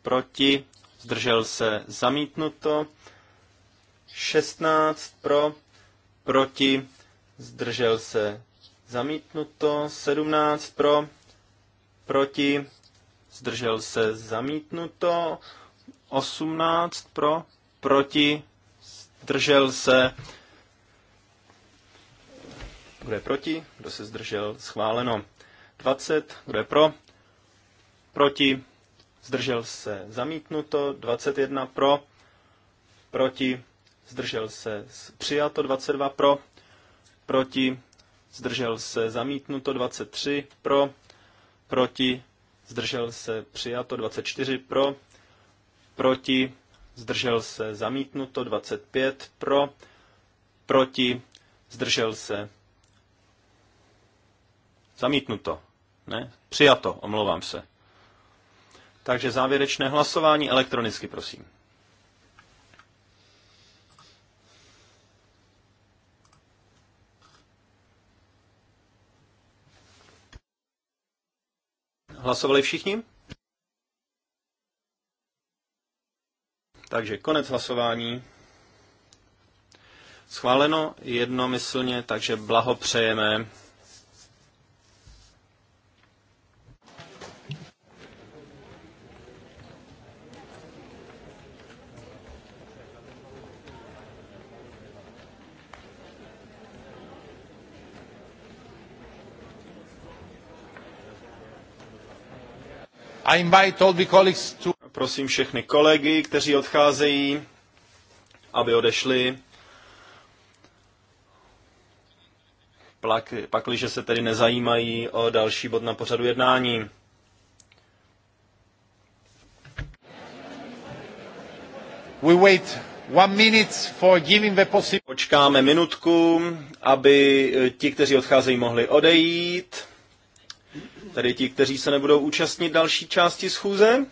proti, zdržel se zamítnuto. 16 pro, proti, zdržel se zamítnuto. 17 pro, proti, zdržel se zamítnuto. 18 pro, proti, zdržel se. Kdo je proti? Kdo se zdržel? Schváleno. 20. Kdo je pro? proti, zdržel se zamítnuto, 21 pro, proti, zdržel se přijato, 22 pro, proti, zdržel se zamítnuto, 23 pro, proti, zdržel se přijato, 24 pro, proti, zdržel se zamítnuto, 25 pro, proti, zdržel se zamítnuto, ne, přijato, omlouvám se. Takže závěrečné hlasování elektronicky, prosím. Hlasovali všichni? Takže konec hlasování. Schváleno jednomyslně, takže blahopřejeme Prosím všechny kolegy, kteří odcházejí, aby odešli. Plak, pakliže se tedy nezajímají o další bod na pořadu jednání. We wait one minute for giving the Počkáme minutku, aby eh, ti, kteří odcházejí, mohli odejít tedy ti, kteří se nebudou účastnit další části schůze.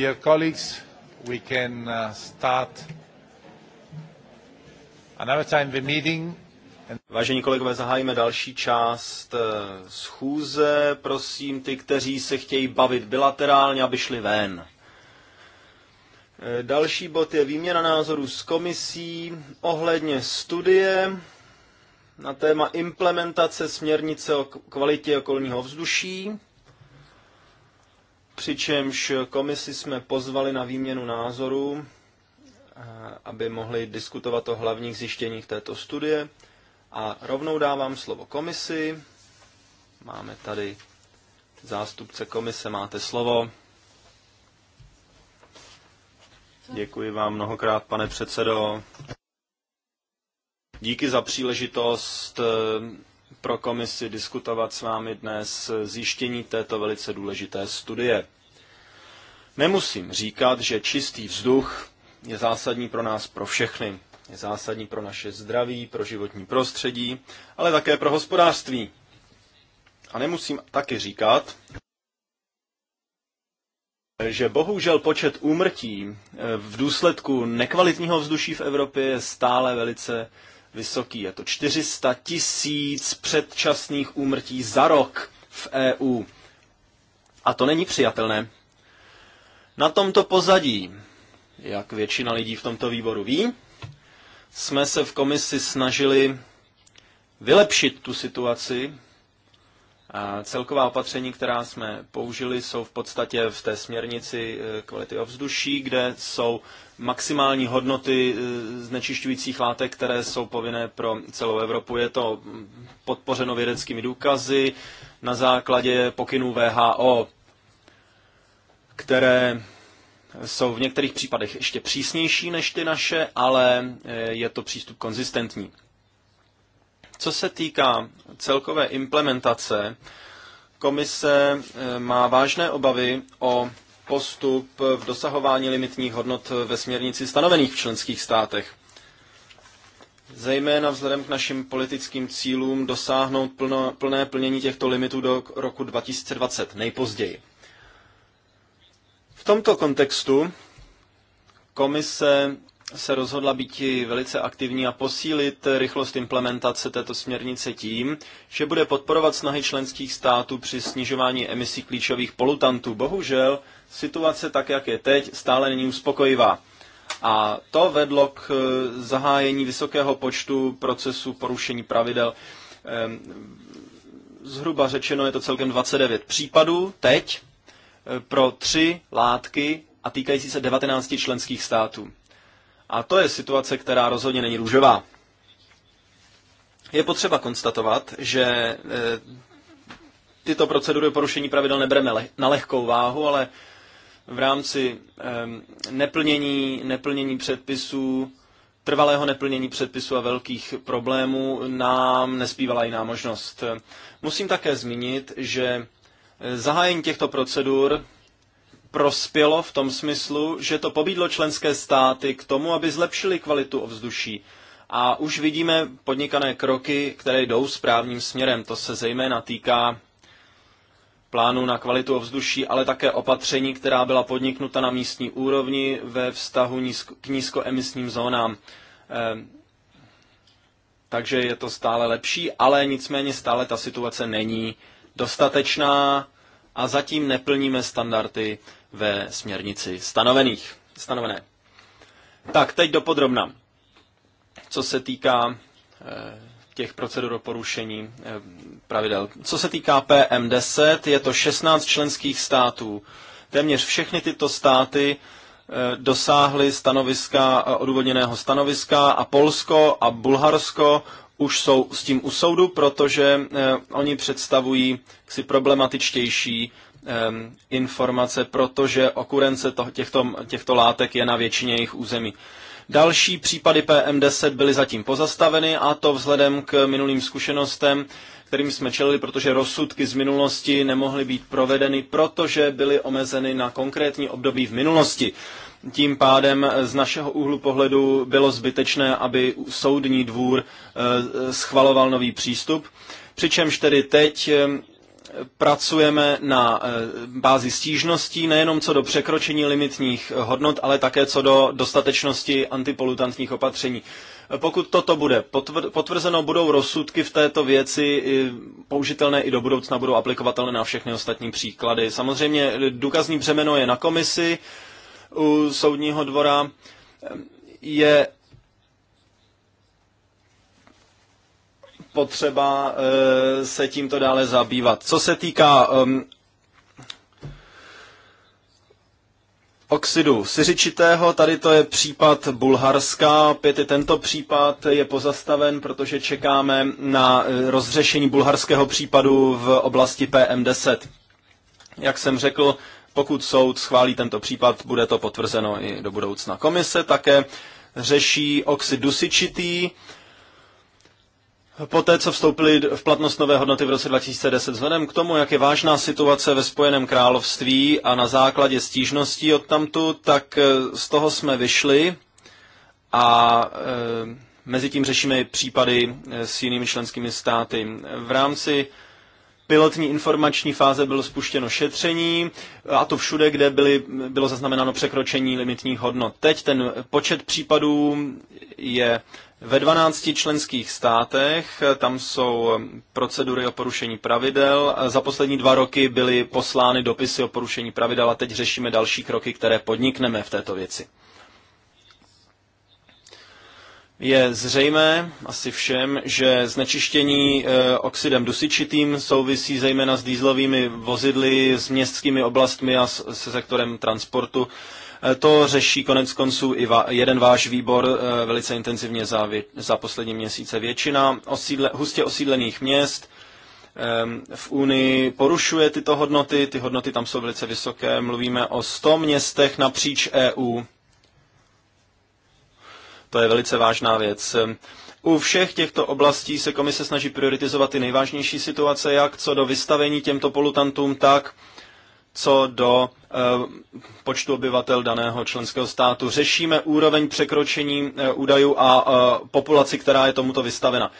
Dear colleagues, we can uh, start another time the meeting. Vážení kolegové, zahájíme další část uh, schůze. Prosím ty, kteří se chtějí bavit bilaterálně, aby šli ven. Uh, další bod je výměna názorů s komisí ohledně studie na téma implementace směrnice o kvalitě okolního vzduší přičemž komisi jsme pozvali na výměnu názorů, eh, aby mohli diskutovat o hlavních zjištěních této studie. A rovnou dávám slovo komisi. Máme tady zástupce komise, máte slovo. Děkuji vám mnohokrát, pane předsedo. Díky za příležitost eh, pro komisi diskutovat s vámi dnes zjištění této velice důležité studie. Nemusím říkat, že čistý vzduch je zásadní pro nás, pro všechny. Je zásadní pro naše zdraví, pro životní prostředí, ale také pro hospodářství. A nemusím taky říkat, že bohužel počet úmrtí v důsledku nekvalitního vzduší v Evropě je stále velice vysoký. Je to 400 tisíc předčasných úmrtí za rok v EU. A to není přijatelné. Na tomto pozadí, jak většina lidí v tomto výboru ví, jsme se v komisi snažili vylepšit tu situaci celková opatření, která jsme použili, jsou v podstatě v té směrnici eh, kvality ovzduší, kde jsou maximální hodnoty eh, znečišťujících látek, které jsou povinné pro celou Evropu. Je to mm, podpořeno vědeckými důkazy na základě pokynů VHO, které jsou v některých případech ještě přísnější než ty naše, ale eh, je to přístup konzistentní. Co se týká celkové implementace, komise eh, má vážné obavy o postup v dosahování limitních hodnot ve směrnici stanovených v členských státech. Zejména vzhledem k našim politickým cílům dosáhnout plno, plné plnění těchto limitů do roku 2020 nejpozději. V tomto kontextu komise se rozhodla být velice aktivní a posílit rychlost implementace této směrnice tím, že bude podporovat snahy členských států při snižování emisí klíčových polutantů. Bohužel situace tak, jak je teď, stále není uspokojivá. A to vedlo k eh, zahájení vysokého počtu procesů porušení pravidel. Ehm, zhruba řečeno je to celkem 29 případů teď eh, pro tři látky a týkající se 19 členských států. A to je situace, která rozhodně není růžová. Je potřeba konstatovat, že eh, tyto procedury porušení pravidel nebereme na lehkou váhu, ale v rámci ehm, neplnění, neplnění předpisů, trvalého neplnění předpisů a velkých problémů nám nespívala jiná možnost. Musím také zmínit, že eh, zahájení těchto procedur prospělo v tom smyslu, že to pobídlo členské státy k tomu, aby zlepšili kvalitu ovzduší. A už vidíme podnikané kroky, které jdou správným směrem. To se zejména týká plánu na kvalitu ovzduší, ale také opatření, která byla podniknuta na místní úrovni ve vztahu k nízkoemisním zónám. Ehm, takže je to stále lepší, ale nicméně stále ta situace není dostatečná a zatím neplníme standardy ve směrnici stanovených, stanovené. Tak, teď do podrobna. Co se týká eh, těch procedur o porušení eh, pravidel. Co se týká PM10, je to 16 členských států. Téměř všechny tyto státy eh, dosáhly stanoviska, odůvodněného stanoviska a Polsko a Bulharsko už jsou s tím u soudu, protože eh, oni představují si problematičtější ehm, informace, protože okurence těchto, těchto látek je na většině jejich území. Další případy PM10 byly zatím pozastaveny a to vzhledem k minulým zkušenostem, kterým jsme čelili, protože rozsudky z minulosti nemohly být provedeny, protože byly omezeny na konkrétní období v minulosti. Tím pádem z našeho úhlu pohledu bylo zbytečné, aby soudní dvůr eh, schvaloval nový přístup. Přičemž tedy teď eh, pracujeme na eh, bázi stížností, nejenom co do překročení limitních hodnot, ale také co do dostatečnosti antipolutantních opatření. Pokud toto bude potvrzeno, budou rozsudky v této věci použitelné i do budoucna, budou aplikovatelné na všechny ostatní příklady. Samozřejmě důkazní břemeno je na komisi, u soudního dvora je potřeba eh, se tímto dále zabývat. Co se týká ehm, oxidu siřičitého. Tady to je případ Bulharska. Opět i tento případ je pozastaven, protože čekáme na eh, rozřešení bulharského případu v oblasti PM10. Jak jsem řekl, pokud soud schválí tento případ, bude to potvrzeno i do budoucna. Komise také řeší oxid dusičitý, Poté, co vstoupily v platnost nové hodnoty v roce 2010, vzhledem k tomu, jak je vážná situace ve Spojeném království a na základě stížností od tamtu, tak eh, z toho jsme vyšli a e, mezi tím řešíme případy eh, s jinými členskými státy. V rámci pilotní informační fáze bylo spuštěno šetření, a to všude, kde byly, bylo zaznamenáno překročení limitních hodnot. Teď ten počet případů je ve 12 členských státech, tam jsou procedury o porušení pravidel. Za poslední dva roky byly poslány dopisy o porušení pravidel a teď řešíme další kroky, které podnikneme v této věci je zřejmé asi všem, že znečištění eh, oxidem dusičitým souvisí zejména s dýzlovými vozidly, s městskými oblastmi a se sektorem transportu. Eh, to řeší konec konců i jeden váš výbor eh, velice intenzivně za, za poslední měsíce. Většina osídle, hustě osídlených měst v Unii porušuje tyto hodnoty, ty hodnoty tam jsou velice vysoké, mluvíme o 100 městech napříč EU, to je velice vážná věc. U všech těchto oblastí se komise snaží prioritizovat ty nejvážnější situace, jak co do vystavení těmto polutantům, tak co do e, počtu obyvatel daného členského státu. Řešíme úroveň překročení e, údajů a e, populaci, která je tomuto vystavena.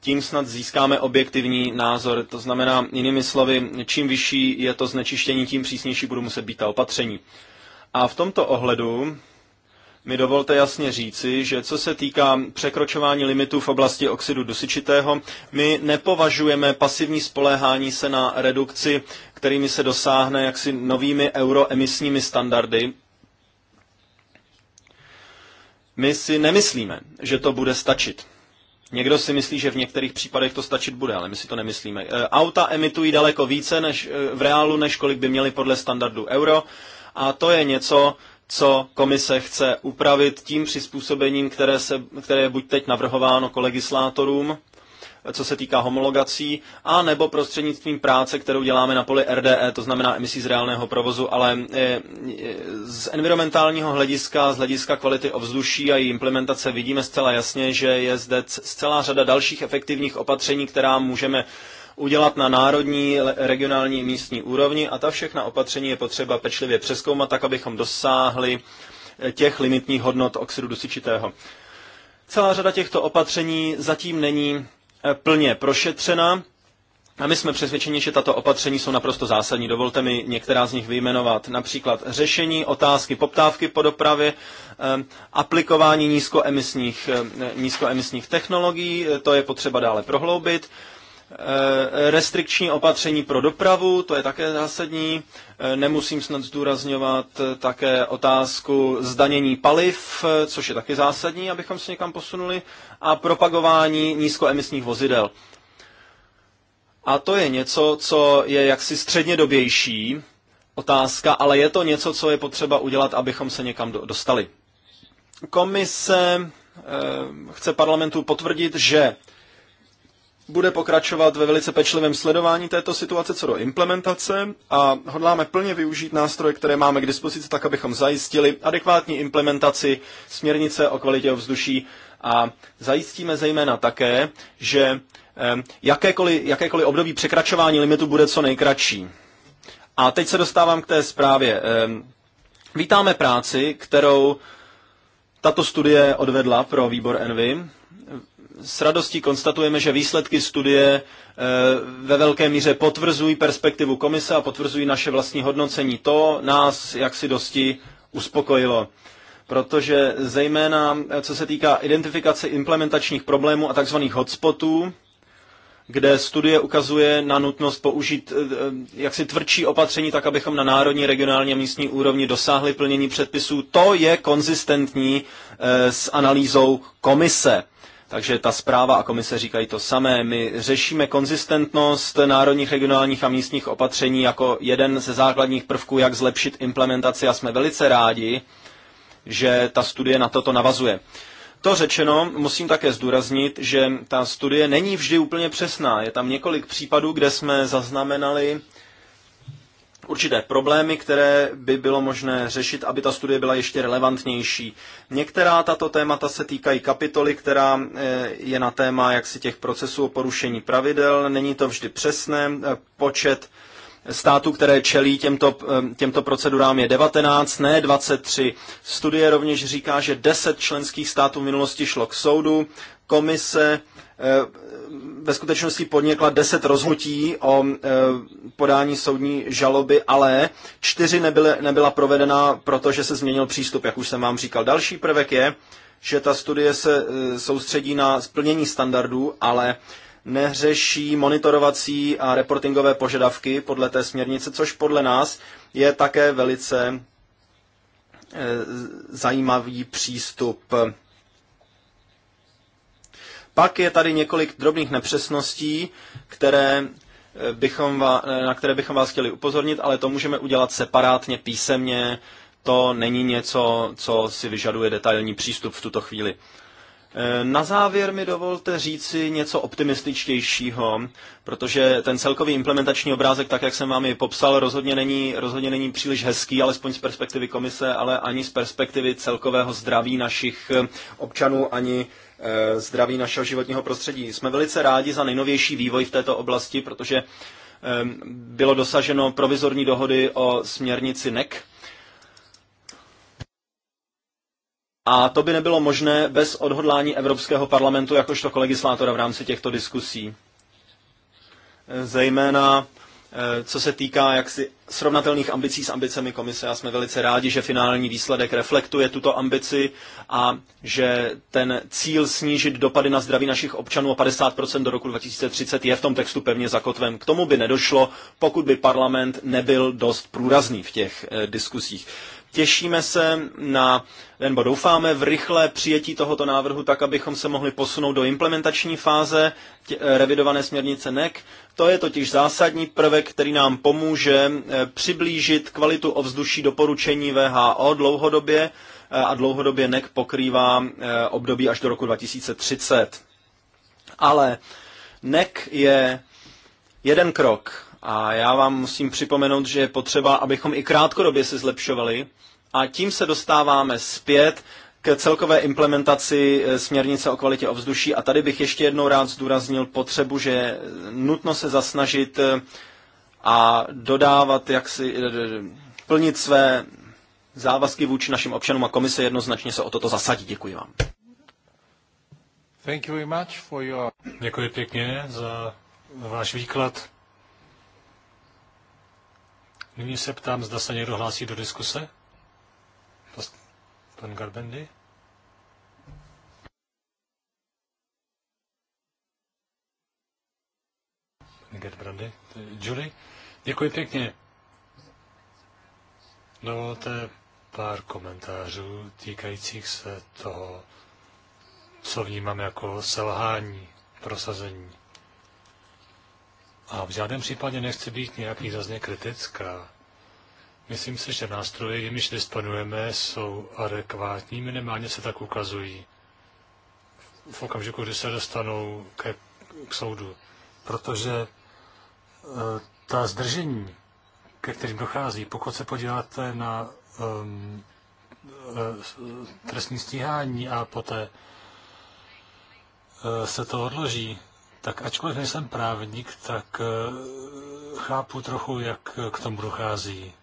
Tím snad získáme objektivní názor. To znamená, jinými slovy, čím vyšší je to znečištění, tím přísnější budou muset být ta opatření. A v tomto ohledu mi dovolte jasně říci, že co se týká překročování limitů v oblasti oxidu dusičitého, my nepovažujeme pasivní spoléhání se na redukci, kterými se dosáhne jaksi novými euroemisními standardy. My si nemyslíme, že to bude stačit. Někdo si myslí, že v některých případech to stačit bude, ale my si to nemyslíme. E, auta emitují daleko více než e, v reálu, než kolik by měly podle standardu euro. A to je něco, co komise chce upravit tím přizpůsobením, které, se, které je buď teď navrhováno kolegislátorům, co se týká homologací, a nebo prostřednictvím práce, kterou děláme na poli RDE, to znamená emisí z reálného provozu, ale e, e, z environmentálního hlediska, z hlediska kvality ovzduší a její implementace vidíme zcela jasně, že je zde zcela řada dalších efektivních opatření, která můžeme udělat na národní, regionální, místní úrovni a ta všechna opatření je potřeba pečlivě přeskoumat, tak abychom dosáhli eh, těch limitních hodnot oxidu dusičitého. Celá řada těchto opatření zatím není eh, plně prošetřena a my jsme přesvědčeni, že tato opatření jsou naprosto zásadní. Dovolte mi některá z nich vyjmenovat. Například řešení otázky poptávky po dopravě, eh, aplikování nízkoemisních, nízkoemisních technologií, to je potřeba dále prohloubit, Eh, restrikční opatření pro dopravu, to je také zásadní. Eh, nemusím snad zdůrazňovat eh, také otázku zdanění paliv, což je taky zásadní, abychom se někam posunuli, a propagování nízkoemisních vozidel. A to je něco, co je jaksi střednědobější otázka, ale je to něco, co je potřeba udělat, abychom se někam dostali. Komise chce parlamentu potvrdit, že bude pokračovat ve velice pečlivém sledování této situace co do implementace a hodláme plně využít nástroje, které máme k dispozici, tak abychom zajistili adekvátní implementaci směrnice o kvalitě ovzduší a zajistíme zejména také, že jakékoliv, jakékoliv období překračování limitu bude co nejkratší. A teď se dostávám k té zprávě. Vítáme práci, kterou tato studie odvedla pro výbor Envy s radostí konstatujeme, že výsledky studie eh, ve velké míře potvrzují perspektivu komise a potvrzují naše vlastní hodnocení. To nás jaksi dosti uspokojilo protože zejména eh, co se týká identifikace implementačních problémů a tzv. hotspotů, kde studie ukazuje na nutnost použít eh, jaksi tvrdší opatření, tak abychom na národní, regionální a místní úrovni dosáhli plnění předpisů. To je konzistentní s analýzou komise. Takže ta zpráva a komise říkají to samé. My řešíme konzistentnost národních, regionálních a místních opatření jako jeden ze základních prvků, jak zlepšit implementaci a jsme velice rádi, že ta studie na toto navazuje. To řečeno, musím také zdůraznit, že ta studie není vždy úplně přesná. Je tam několik případů, kde jsme zaznamenali určité problémy, které by bylo možné řešit, aby ta studie byla ještě relevantnější. Některá tato témata se týkají kapitoly, která eh, je na téma jaksi těch procesů o porušení pravidel. Není to vždy přesné. Eh, počet států, které čelí těmto, eh, těmto procedurám je 19, ne 23. Studie rovněž říká, že 10 členských států v minulosti šlo k soudu. Komise ve skutečnosti podnikla deset rozhodnutí o e, podání soudní žaloby, ale čtyři nebyly, nebyla provedena, protože se změnil přístup, jak už jsem vám říkal. Další prvek je, že ta studie se e, soustředí na splnění standardů, ale neřeší monitorovací a reportingové požadavky podle té směrnice, což podle nás je také velice e, zajímavý přístup pak je tady několik drobných nepřesností, které eh, bychom, eh, na které bychom vás chtěli upozornit, ale to můžeme udělat separátně, písemně. To není něco, co si vyžaduje detailní přístup v tuto chvíli. Eh, na závěr mi dovolte říci něco optimističtějšího, protože ten celkový implementační obrázek, tak jak jsem vám ji popsal, rozhodně není, rozhodně není příliš hezký, alespoň z perspektivy komise, ale ani z perspektivy celkového zdraví našich eh, občanů, ani eh, zdraví našeho životního prostředí. Jsme velice rádi za nejnovější vývoj v této oblasti, protože bylo dosaženo provizorní dohody o směrnici NEC, A to by nebylo možné bez odhodlání Evropského parlamentu jakožto kolegislátora v rámci těchto diskusí. Eh, zejména eh, co se týká jaksi srovnatelných ambicí s ambicemi komise já jsme velice rádi, že finální výsledek reflektuje tuto ambici a že ten cíl snížit dopady na zdraví našich občanů o 50% do roku 2030 je v tom textu pevně zakotven. K tomu by nedošlo, pokud by parlament nebyl dost průrazný v těch eh, diskusích. Těšíme se na nebo doufáme v rychlé přijetí tohoto návrhu tak, abychom se mohli posunout do implementační fáze tě, eh, revidované směrnice NEC. To je totiž zásadní prvek, který nám pomůže eh, přiblížit kvalitu ovzduší doporučení VHO dlouhodobě eh, a dlouhodobě NEC pokrývá období až do roku 2030. Ale NEC je jeden krok a já vám musím připomenout, že je potřeba, abychom i krátkodobě se zlepšovali, a tím se dostáváme zpět k celkové implementaci eh, směrnice o kvalitě ovzduší a tady bych ještě jednou rád zdůraznil potřebu, že je nutno se zasnažit eh, a dodávat, jak si eh, plnit své závazky vůči našim občanům a komise jednoznačně se o toto zasadí. Děkuji vám. Thank you very much for your... Děkuji pěkně za váš výklad. Nyní se ptám, zda se někdo hlásí do diskuse. Pan Garbendi. Pan Gerbrandy? Julie? Děkuji pěkně. Dovolte pár komentářů týkajících se toho, co vnímám jako selhání, prosazení. A v žádném případě nechci být nějaký zazně kritická. Myslím si, že nástroje, jimiž disponujeme, jsou adekvátní, minimálně se tak ukazují v okamžiku, kdy se dostanou ke, k soudu. Protože e, ta zdržení, ke kterým dochází, pokud se podíváte na e, trestní stíhání a poté e, se to odloží, tak ačkoliv nejsem právník, tak e, chápu trochu, jak k tomu dochází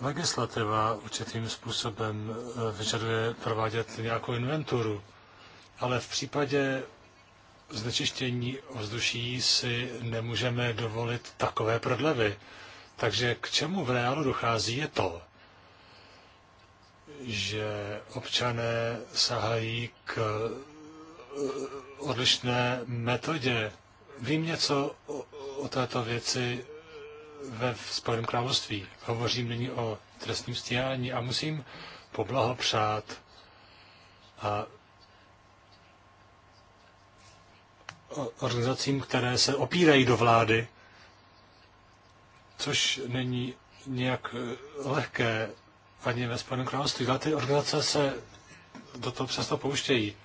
legislativa určitým způsobem eh, vyžaduje provádět nějakou inventuru, ale v případě znečištění ovzduší si nemůžeme dovolit takové prodlevy. Takže k čemu v reálu dochází je to, že občané sahají k eh, odlišné metodě. Vím něco o, o této věci ve Spojeném království. Hovořím nyní o trestním stíhání a musím poblahopřát a organizacím, které se opírají do vlády, což není nějak eh, lehké ani ve Spojeném království. Ale ty organizace se do toho přesto pouštějí.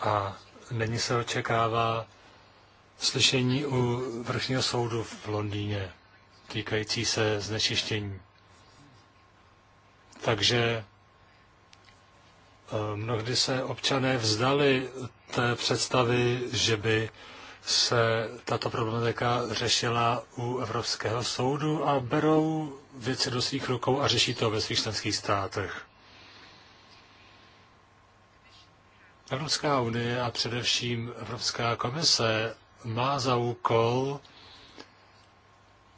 A není se očekává slyšení u vrchního soudu v Londýně týkající se znečištění. Takže eh, mnohdy se občané vzdali té představy, že by se tato problematika řešila u Evropského soudu a berou věci do svých rukou a řeší to ve svých členských státech. Evropská unie a především Evropská komise má za úkol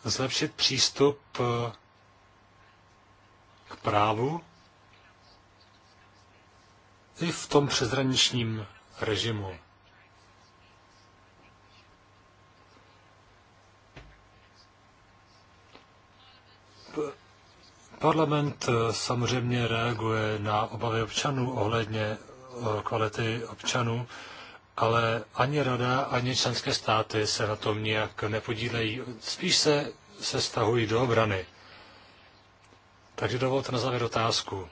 zlepšit přístup eh, k právu i v tom přezraničním režimu. Parlament eh, samozřejmě reaguje na obavy občanů ohledně eh, kvality občanů ale ani rada, ani členské státy se na tom nijak nepodílejí. Spíš se, se stahují do obrany. Takže dovolte na závěr otázku.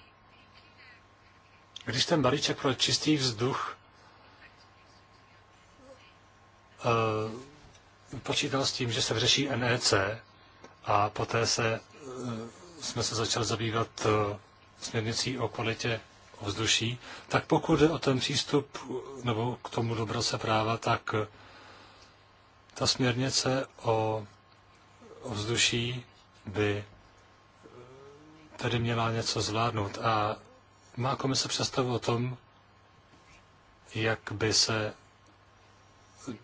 Když ten balíček pro čistý vzduch uh, počítal s tím, že se vyřeší NEC a poté se, uh, jsme se začali zabývat uh, směrnicí o kvalitě ovzduší, tak pokud je o ten přístup nebo k tomu dobroce práva, tak eh, ta směrnice o ovzduší by eh, tedy měla něco zvládnout. A má komise představu o tom, jak by se eh,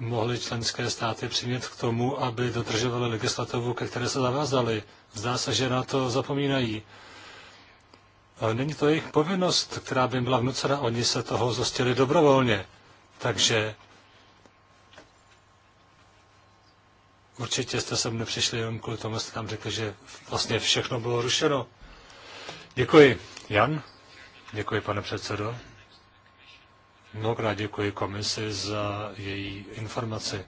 mohly členské státy přimět k tomu, aby dodržovaly legislativu, ke které se zavázaly. Zdá se, že na to zapomínají. Není to jejich povinnost, která by byla vnucena, oni se toho zostili dobrovolně. Takže určitě jste sem nepřišli jenom kvůli tomu, jste tam řekli, že vlastně všechno bylo rušeno. Děkuji. Jan? Děkuji, pane předsedo. Mnohokrát děkuji komisi za její informaci.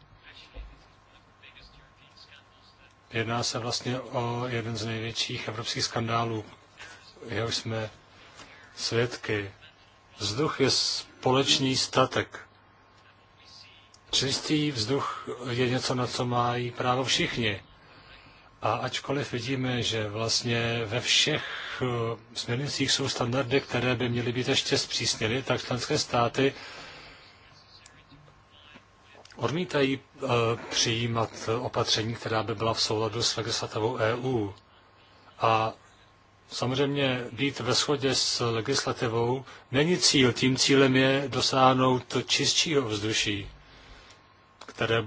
Jedná se vlastně o jeden z největších evropských skandálů, jehož jsme svědky. Vzduch je společný statek. Čistý vzduch je něco, na co mají právo všichni. A ačkoliv vidíme, že vlastně ve všech eh, směrnicích jsou standardy, které by měly být ještě zpřísněny, tak členské státy odmítají eh, přijímat opatření, která by byla v souladu s legislativou EU. A Samozřejmě být ve shodě s legislativou není cíl. Tím cílem je dosáhnout čistšího vzduší, které,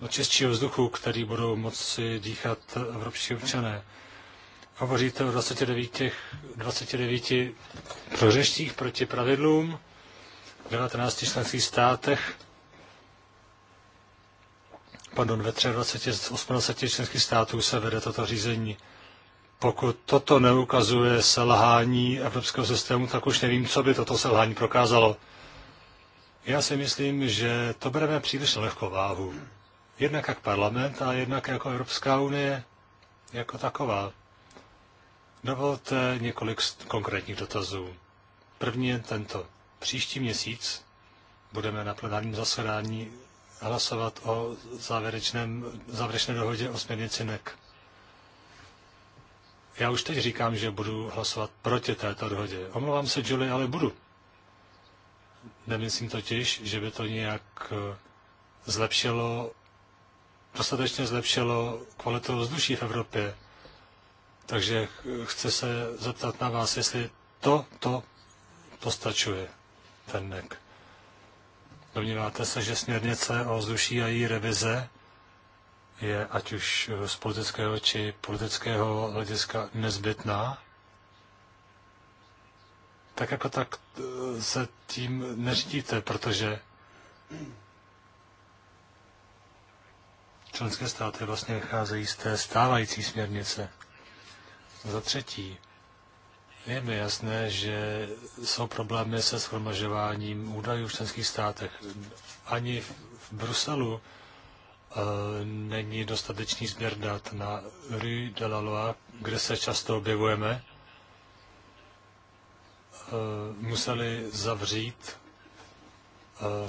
no čistšího vzduchu, který budou moci dýchat evropští občané. Hovoříte o 29, 29 prořeštích proti pravidlům, 19 členských státech, pardon, ve 23 z 28 členských států se vede toto řízení. Pokud toto neukazuje selhání evropského systému, tak už nevím, co by toto selhání prokázalo. Já si myslím, že to bereme příliš lehkou váhu. Jednak jak parlament a jednak jako Evropská unie jako taková. Dovolte několik konkrétních dotazů. První je tento. Příští měsíc budeme na plenárním zasedání hlasovat o závěrečném, závěrečné dohodě o směrnici NEC. Já už teď říkám, že budu hlasovat proti této dohodě. Omlouvám se, Julie, ale budu. Nemyslím totiž, že by to nějak eh, zlepšilo, dostatečně zlepšilo kvalitu vzduší v Evropě. Takže chci se zeptat na vás, jestli to, to postačuje, ten NEC. Domníváte se, že směrnice o vzduší a její revize je ať už eh, z politického či politického hlediska nezbytná. Tak jako tak eh, se tím neřídíte, protože členské státy vlastně vycházejí z té stávající směrnice. Za třetí, je mi jasné, že jsou problémy se shromažováním údajů v členských státech. Ani v Bruselu E, není dostatečný sběr dat na Rue de la Loire, kde se často objevujeme. E, museli zavřít, e,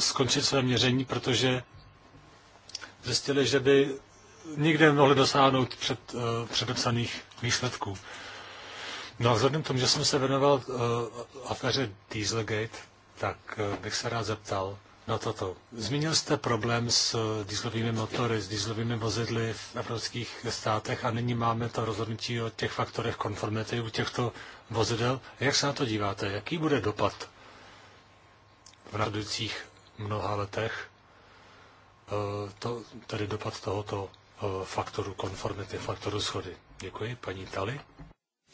skončit své měření, protože zjistili, že by nikdy nemohli dosáhnout před, předepsaných výsledků. No a vzhledem k tomu, že jsem se věnoval uh, aféře Dieselgate, tak uh, bych se rád zeptal, na no toto. Zmínil jste problém s eh, dýzlovými motory, s dýzlovými vozidly v evropských státech a nyní máme to rozhodnutí o těch faktorech konformity u těchto vozidel. Jak se na to díváte? Jaký bude dopad v následujících mnoha letech? Eh, to, tedy dopad tohoto eh, faktoru konformity, faktoru schody. Děkuji, paní Tali.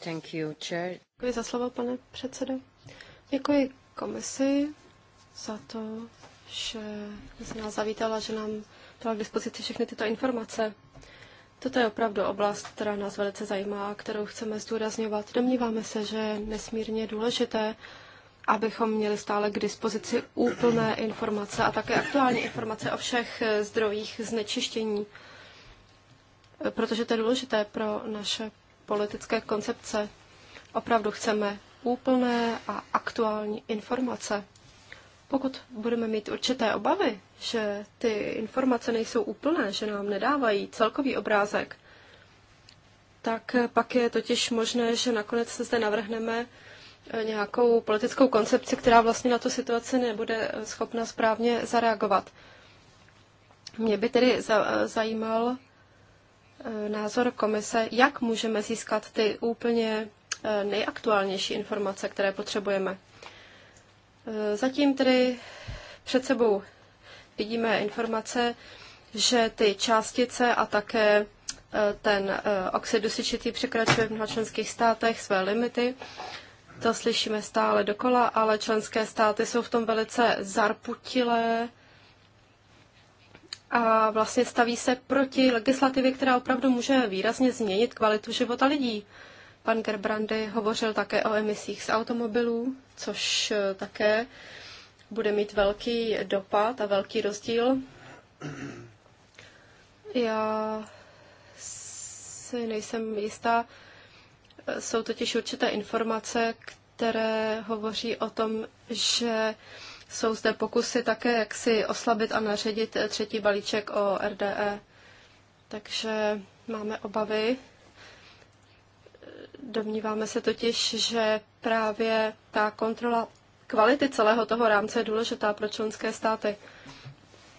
Thank you, chair. Děkuji za slovo, pane předsedo. Děkuji komisi za to, že se nás zavítala, že nám dala k dispozici všechny tyto informace. Toto je opravdu oblast, která nás velice zajímá a kterou chceme zdůrazňovat. Domníváme se, že je nesmírně důležité, abychom měli stále k dispozici úplné informace a také aktuální informace o všech zdrojích znečištění, protože to je důležité pro naše politické koncepce. Opravdu chceme úplné a aktuální informace. Pokud budeme mít určité obavy, že ty informace nejsou úplné, že nám nedávají celkový obrázek, tak pak je totiž možné, že nakonec se zde navrhneme eh, nějakou politickou koncepci, která vlastně na tu situaci nebude eh, schopna správně zareagovat. Mě by tedy eh, zajímal názor komise, jak můžeme získat ty úplně nejaktuálnější informace, které potřebujeme. Eh, zatím tedy před sebou vidíme informace, že ty částice a také eh, ten eh, oxid dusičitý překračuje v mnoha členských státech své limity. To slyšíme stále dokola, ale členské státy jsou v tom velice zarputilé a vlastně staví se proti legislativě, která opravdu může výrazně změnit kvalitu života lidí. Pan Gerbrandy hovořil také o emisích z automobilů což eh, také bude mít velký dopad a velký rozdíl. Já si nejsem jistá, jsou totiž určité informace, které hovoří o tom, že jsou zde pokusy také, jak si oslabit a naředit třetí balíček o RDE. Takže máme obavy, Domníváme se totiž, že právě ta kontrola kvality celého toho rámce je důležitá pro členské státy.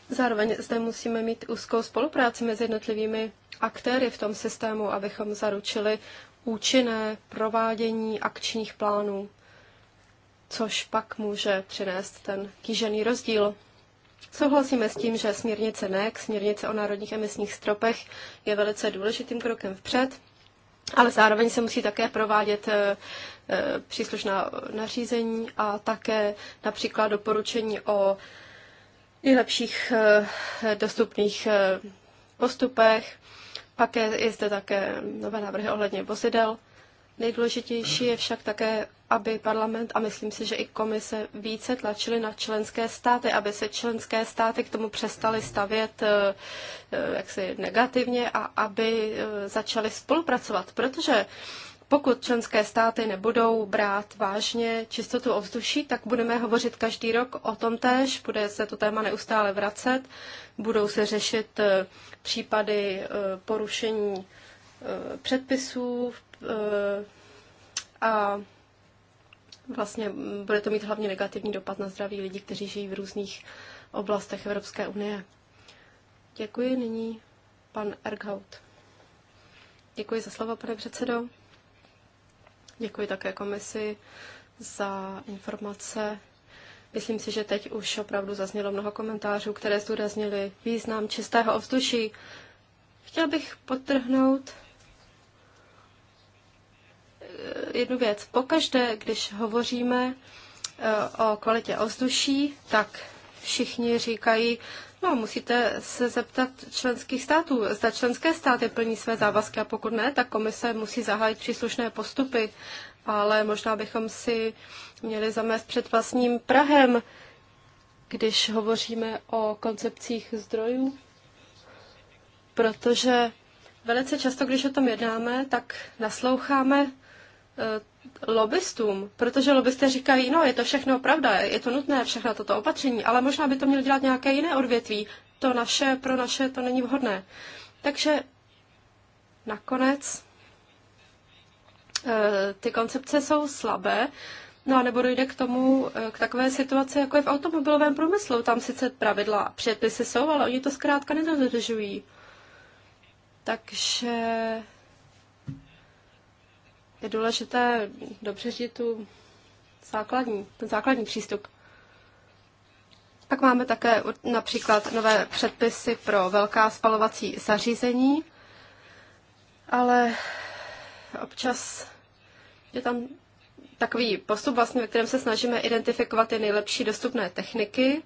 Zároveň zde musíme mít úzkou spolupráci mezi jednotlivými aktéry v tom systému, abychom zaručili účinné provádění akčních plánů, což pak může přinést ten kýžený rozdíl. Souhlasíme s tím, že směrnice NEC, směrnice o národních emisních stropech, je velice důležitým krokem vpřed ale zároveň se musí také provádět eh, eh, příslušná nařízení a také například doporučení o nejlepších eh, dostupných postupech. Pak je, je zde také nové návrhy ohledně vozidel. Nejdůležitější je však také, aby parlament a myslím si, že i komise více tlačili na členské státy, aby se členské státy k tomu přestaly stavět eh, eh, jaksi negativně a aby eh, začaly spolupracovat, protože pokud členské státy nebudou brát vážně čistotu ovzduší, tak budeme hovořit každý rok o tom též, bude se to téma neustále vracet, budou se řešit případy porušení předpisů, Eh, a vlastně bude to mít hlavně negativní dopad na zdraví lidí, kteří žijí v různých oblastech Evropské unie. Děkuji. Nyní pan Erghout. Děkuji za slovo, pane předsedo. Děkuji také komisi za informace. Myslím si, že teď už opravdu zaznělo mnoho komentářů, které zdůraznili význam čistého ovzduší. Chtěl bych podtrhnout jednu věc. Pokaždé, když hovoříme eh, o kvalitě ovzduší, tak všichni říkají, no musíte se zeptat členských států. Zda členské státy plní své závazky a pokud ne, tak komise musí zahájit příslušné postupy. Ale možná bychom si měli zamést před vlastním Prahem, když hovoříme o koncepcích zdrojů, protože velice často, když o tom jednáme, tak nasloucháme Eh, lobbystům, protože lobbysté říkají, no je to všechno pravda, je to nutné, všechno toto opatření, ale možná by to mělo dělat nějaké jiné odvětví, to naše, pro naše to není vhodné. Takže nakonec eh, ty koncepce jsou slabé, No a nebo dojde k tomu, eh, k takové situaci, jako je v automobilovém průmyslu. Tam sice pravidla a předpisy jsou, ale oni to zkrátka nedodržují. Takže je důležité dobře říct tu základní, ten základní přístup. Pak máme také například nové předpisy pro velká spalovací zařízení, ale občas je tam takový postup, vlastně, ve kterém se snažíme identifikovat ty nejlepší dostupné techniky.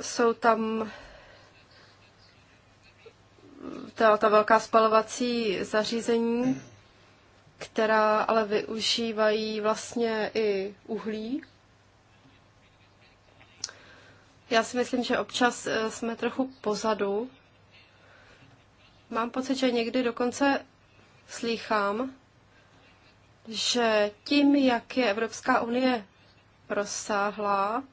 Jsou tam ta, ta velká spalovací zařízení, která ale využívají vlastně i uhlí. Já si myslím, že občas eh, jsme trochu pozadu. Mám pocit, že někdy dokonce slýchám, že tím, jak je Evropská unie rozsáhlá,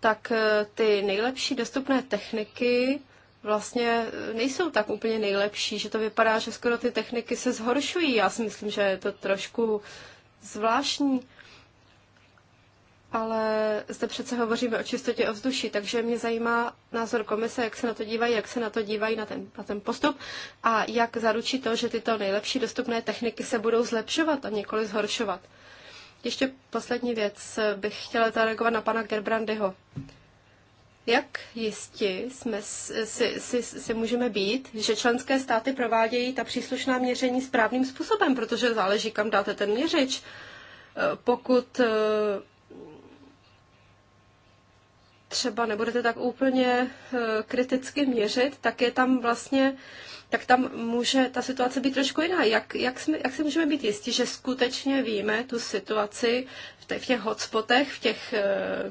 tak eh, ty nejlepší dostupné techniky vlastně nejsou tak úplně nejlepší, že to vypadá, že skoro ty techniky se zhoršují. Já si myslím, že je to trošku zvláštní, ale zde přece hovoříme o čistotě ovzduší, takže mě zajímá názor komise, jak se na to dívají, jak se na to dívají na ten, na ten postup a jak zaručí to, že tyto nejlepší dostupné techniky se budou zlepšovat a několik zhoršovat. Ještě poslední věc bych chtěla zareagovat na pana Gerbrandyho. Jak jistí jsme, si, si, si můžeme být, že členské státy provádějí ta příslušná měření správným způsobem, protože záleží, kam dáte ten měřič. Eh, pokud eh, třeba nebudete tak úplně eh, kriticky měřit, tak je tam vlastně, tak tam může ta situace být trošku jiná. Jak, jak, jsme, jak si můžeme být jistí, že skutečně víme tu situaci v těch, v těch hotspotech, v těch eh,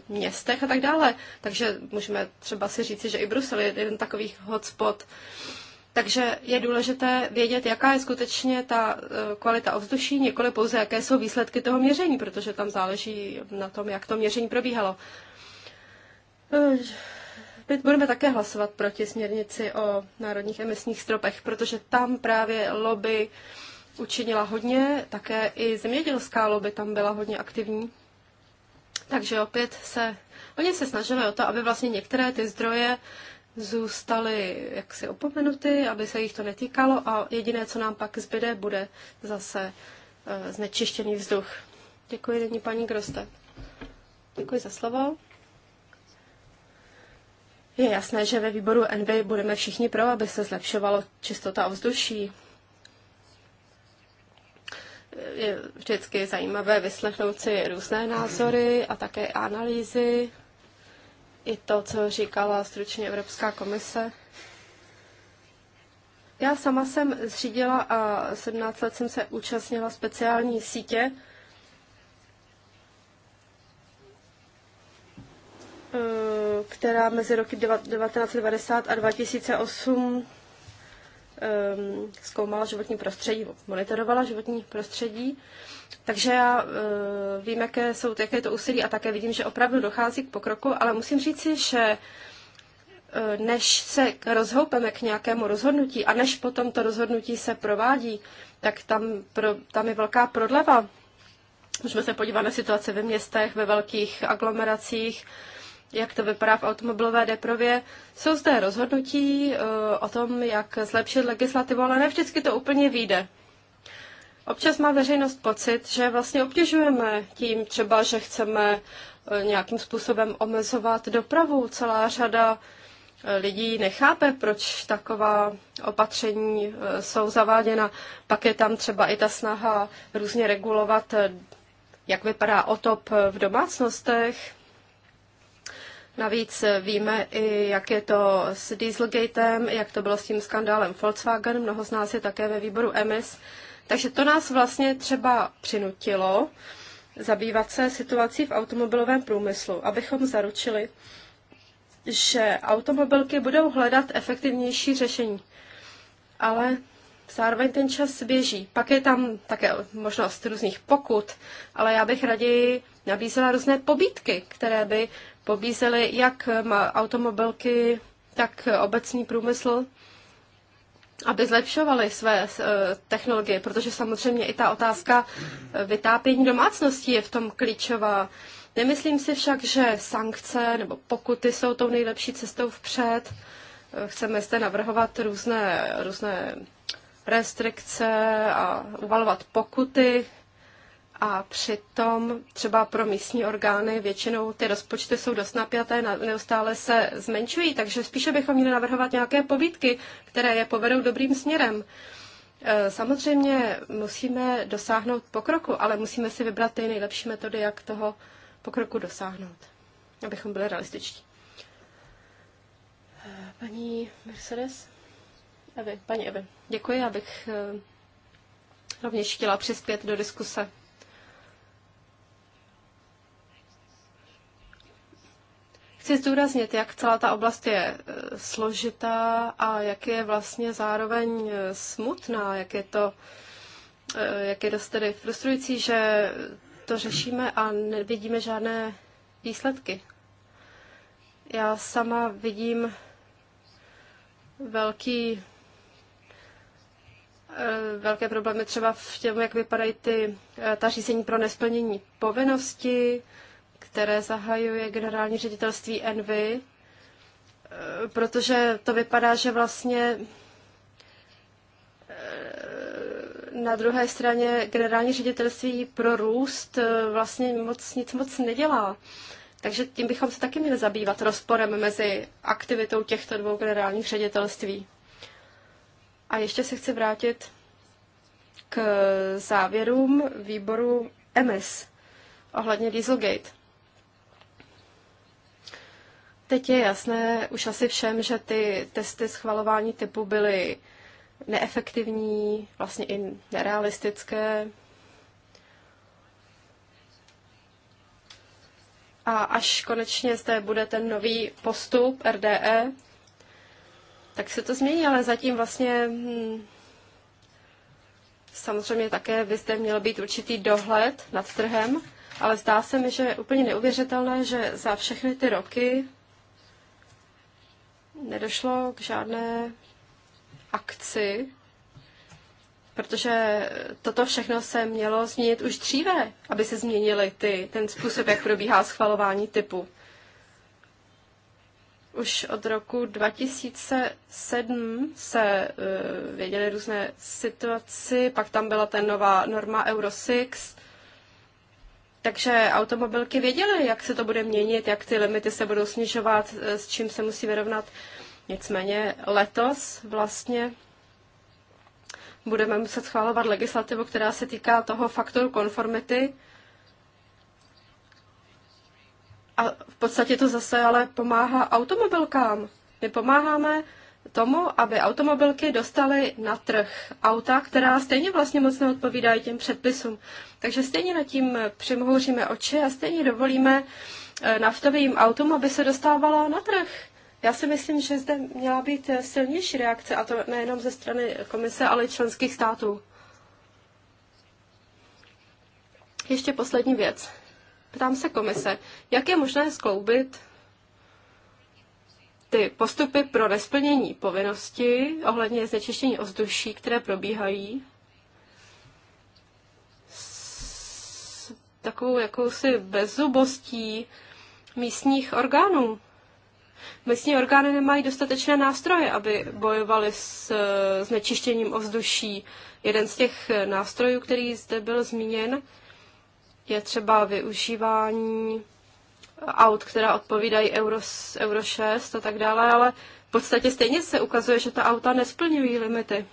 městech a tak dále. Takže můžeme třeba si říci, že i Brusel je jeden takových hotspot. Takže je důležité vědět, jaká je skutečně ta eh, kvalita ovzduší, nikoli pouze jaké jsou výsledky toho měření, protože tam záleží na tom, jak to měření probíhalo. Eh, budeme také hlasovat proti směrnici o národních emisních stropech, protože tam právě lobby učinila hodně, také i zemědělská lobby tam byla hodně aktivní. Takže opět se, oni se snažili o to, aby vlastně některé ty zdroje zůstaly jaksi opomenuty, aby se jich to netýkalo a jediné, co nám pak zbyde, bude zase eh, znečištěný vzduch. Děkuji, paní Groste. Děkuji za slovo. Je jasné, že ve výboru Envy budeme všichni pro, aby se zlepšovalo čistota ovzduší. Je vždycky zajímavé vyslechnout si různé názory a také analýzy. I to, co říkala stručně Evropská komise. Já sama jsem zřídila a 17 let jsem se účastnila speciální sítě, Eh, která mezi roky 1990 a 2008 eh, zkoumala životní prostředí, monitorovala životní prostředí. Takže já eh, vím, jaké, jsou, jaké to úsilí a také vidím, že opravdu dochází k pokroku, ale musím říci, že než se rozhoupeme k nějakému rozhodnutí a než potom to rozhodnutí se provádí, tak tam, pro, tam je velká prodleva. Můžeme se podívat na situace ve městech, ve velkých aglomeracích, jak to vypadá v automobilové deprově. Jsou zde rozhodnutí eh, o tom, jak zlepšit legislativu, ale ne vždycky to úplně vyjde. Občas má veřejnost pocit, že vlastně obtěžujeme tím třeba, že chceme eh, nějakým způsobem omezovat dopravu. Celá řada eh, lidí nechápe, proč taková opatření jsou zaváděna. Pak je tam třeba i ta snaha různě regulovat, jak vypadá otop v domácnostech. Navíc víme i, jak je to s Dieselgatem, jak to bylo s tím skandálem Volkswagen, mnoho z nás je také ve výboru EMIS. Takže to nás vlastně třeba přinutilo zabývat se situací v automobilovém průmyslu, abychom zaručili, že automobilky budou hledat efektivnější řešení. Ale zároveň ten čas běží. Pak je tam také možnost různých pokut, ale já bych raději nabízela různé pobídky, které by pobízeli jak eh, automobilky, tak eh, obecný průmysl, aby zlepšovali své eh, technologie, protože samozřejmě i ta otázka vytápění domácností je v tom klíčová. Nemyslím si však, že sankce nebo pokuty jsou tou nejlepší cestou vpřed. Chceme zde navrhovat různé, různé restrikce a uvalovat pokuty a přitom třeba pro místní orgány většinou ty rozpočty jsou dost napjaté, neustále se zmenšují, takže spíše bychom měli navrhovat nějaké pobytky, které je povedou dobrým směrem. E, samozřejmě musíme dosáhnout pokroku, ale musíme si vybrat ty nejlepší metody, jak toho pokroku dosáhnout, abychom byli realističtí. E, paní Mercedes? Evy, paní Evy, děkuji, abych e, rovněž chtěla přispět do diskuse. chci zdůraznit, jak celá ta oblast je eh, složitá a jak je vlastně zároveň eh, smutná, jak je to, eh, jak je dost tedy frustrující, že to řešíme a nevidíme žádné výsledky. Já sama vidím velký, velké problémy třeba v tom, jak vypadají ty, ta řízení pro nesplnění povinnosti, které zahajuje generální ředitelství Envy, eh, protože to vypadá, že vlastně eh, na druhé straně generální ředitelství pro růst eh, vlastně moc, nic moc nedělá. Takže tím bychom se taky měli zabývat rozporem mezi aktivitou těchto dvou generálních ředitelství. A ještě se chci vrátit k závěrům výboru MS ohledně Dieselgate. Teď je jasné už asi všem, že ty testy schvalování typu byly neefektivní, vlastně i nerealistické. A až konečně zde bude ten nový postup RDE, tak se to změní, ale zatím vlastně hm, samozřejmě také by zde měl být určitý dohled nad trhem, ale zdá se mi, že je úplně neuvěřitelné, že za všechny ty roky nedošlo k žádné akci, protože toto všechno se mělo změnit už dříve, aby se změnily ty, ten způsob, jak probíhá schvalování typu. Už od roku 2007 se uh, věděly různé situaci, pak tam byla ta nová norma Euro 6, takže automobilky věděly, jak se to bude měnit, jak ty limity se budou snižovat, eh, s čím se musí vyrovnat. Nicméně letos vlastně budeme muset schválovat legislativu, která se týká toho faktoru konformity. A v podstatě to zase ale pomáhá automobilkám. My pomáháme tomu, aby automobilky dostaly na trh auta, která stejně vlastně moc neodpovídají těm předpisům. Takže stejně nad tím přimhouříme oči a stejně dovolíme eh, naftovým autům, aby se dostávalo na trh. Já si myslím, že zde měla být eh, silnější reakce, a to nejenom ze strany komise, ale i členských států. Ještě poslední věc. Ptám se komise, jak je možné skloubit ty postupy pro nesplnění povinnosti ohledně znečištění ovzduší, které probíhají, s takovou jakousi bezubostí místních orgánů. Místní orgány nemají dostatečné nástroje, aby bojovali s e, znečištěním ovzduší. Jeden z těch e, nástrojů, který zde byl zmíněn, je třeba využívání aut, která odpovídají Euro, Euro 6 a tak dále, ale v podstatě stejně se ukazuje, že ta auta nesplňují limity.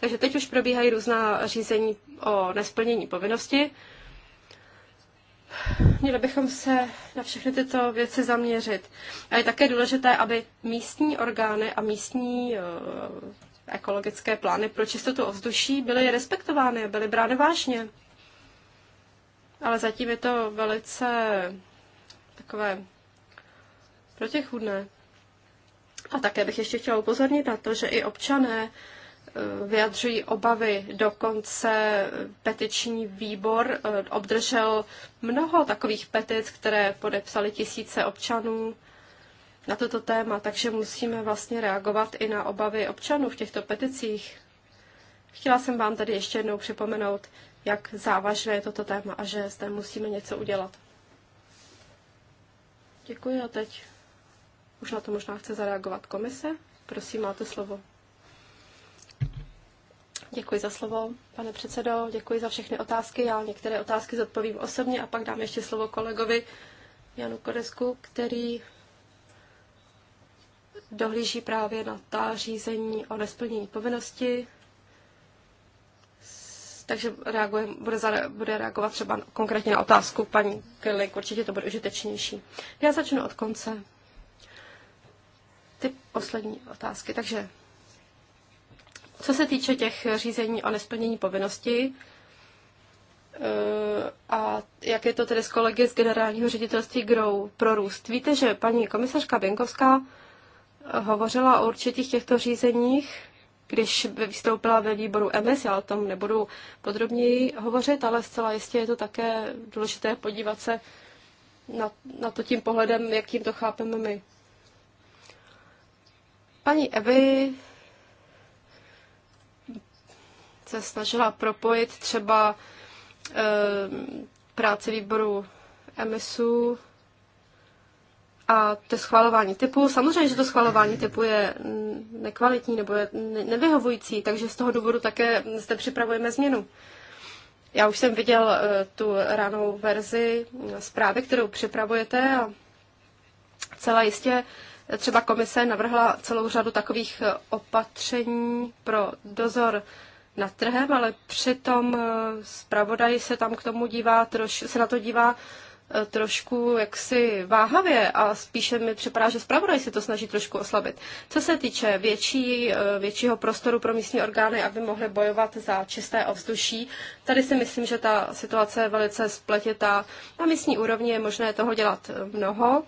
Takže teď už probíhají různá řízení o nesplnění povinnosti. Měli bychom se na všechny tyto věci zaměřit. A je také důležité, aby místní orgány a místní eh, ekologické plány pro čistotu ovzduší byly respektovány, byly brány vážně. Ale zatím je to velice takové protichudné. A také bych ještě chtěla upozornit na to, že i občané eh, vyjadřují obavy. Dokonce eh, petiční výbor eh, obdržel mnoho takových petic, které podepsali tisíce občanů na toto téma, takže musíme vlastně reagovat i na obavy občanů v těchto peticích. Chtěla jsem vám tady ještě jednou připomenout, jak závažné je toto téma a že zde musíme něco udělat. Děkuji a teď už na to možná chce zareagovat komise. Prosím, máte slovo. Děkuji za slovo, pane předsedo, děkuji za všechny otázky. Já některé otázky zodpovím osobně a pak dám ještě slovo kolegovi Janu Koresku, který dohlíží právě na ta řízení o nesplnění povinnosti takže reaguje, bude, zare, bude reagovat třeba konkrétně na otázku paní Kelly, určitě to bude užitečnější. Já začnu od konce. Ty poslední otázky, takže co se týče těch řízení o nesplnění povinnosti, eh, a jak je to tedy s kolegy z generálního ředitelství GROW pro růst? Víte, že paní komisařka Benkovská hovořila o určitých těchto řízeních když vystoupila ve výboru MS, já o tom nebudu podrobněji hovořit, ale zcela jistě je to také důležité podívat se na, na to tím pohledem, jakým to chápeme my. Paní Evy se snažila propojit třeba e, práci výboru MSU a to schvalování typu, samozřejmě, že to schvalování typu je nekvalitní nebo je nevyhovující, takže z toho důvodu také zde připravujeme změnu. Já už jsem viděl eh, tu ranou verzi zprávy, kterou připravujete a celá jistě třeba komise navrhla celou řadu takových eh, opatření pro dozor nad trhem, ale přitom eh, zpravodaj se tam k tomu dívá, troš, se na to dívá Eh, trošku jaksi váhavě a spíše mi připadá, že zpravodaj se to snaží trošku oslabit. Co se týče větší, eh, většího prostoru pro místní orgány, aby mohly bojovat za čisté ovzduší, tady si myslím, že ta situace je velice spletitá. Na místní úrovni je možné toho dělat eh, mnoho.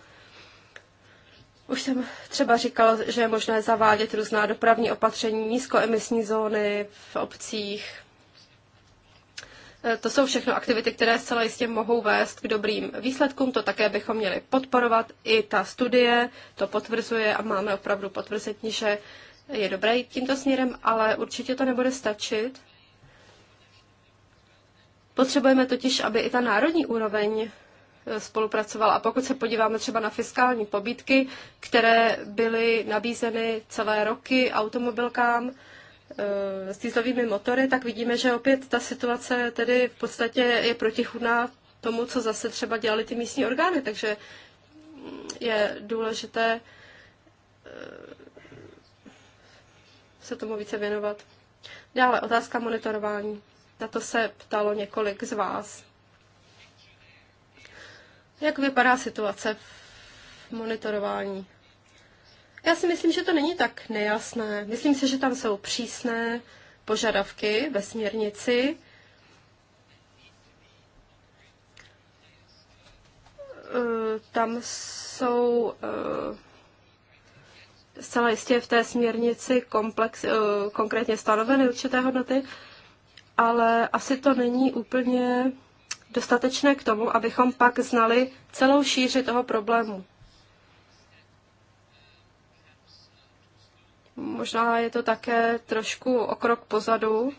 Už jsem třeba říkal, že je možné zavádět různá dopravní opatření, nízkoemisní zóny v obcích, Eh, to jsou všechno aktivity, které zcela jistě mohou vést k dobrým výsledkům. To také bychom měli podporovat. I ta studie to potvrzuje a máme opravdu potvrzení, že je dobré jít tímto směrem, ale určitě to nebude stačit. Potřebujeme totiž, aby i ta národní úroveň eh, spolupracovala. A pokud se podíváme třeba na fiskální pobídky, které byly nabízeny celé roky automobilkám, Eh, s dýzlovými motory, tak vidíme, že opět ta situace tedy v podstatě je protichudná tomu, co zase třeba dělali ty místní orgány. Takže je důležité eh, se tomu více věnovat. Dále otázka monitorování. Na to se ptalo několik z vás. Jak vypadá situace v monitorování? Já si myslím, že to není tak nejasné. Myslím si, že tam jsou přísné požadavky ve směrnici. Eh, tam jsou eh, zcela jistě v té směrnici komplex, eh, konkrétně stanoveny určité hodnoty, ale asi to není úplně dostatečné k tomu, abychom pak znali celou šíři toho problému. Možná je to také trošku o krok pozadu.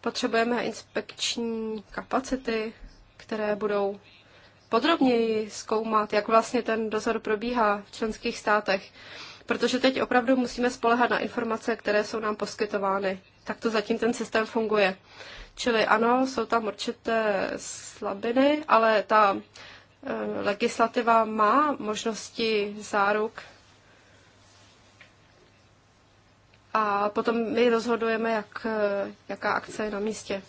Potřebujeme inspekční kapacity, které budou podrobněji zkoumat, jak vlastně ten dozor probíhá v členských státech. Protože teď opravdu musíme spolehat na informace, které jsou nám poskytovány. Tak to zatím ten systém funguje. Čili ano, jsou tam určité slabiny, ale ta eh, legislativa má možnosti záruk a potom my rozhodujeme, jak, jaká akce je na místě.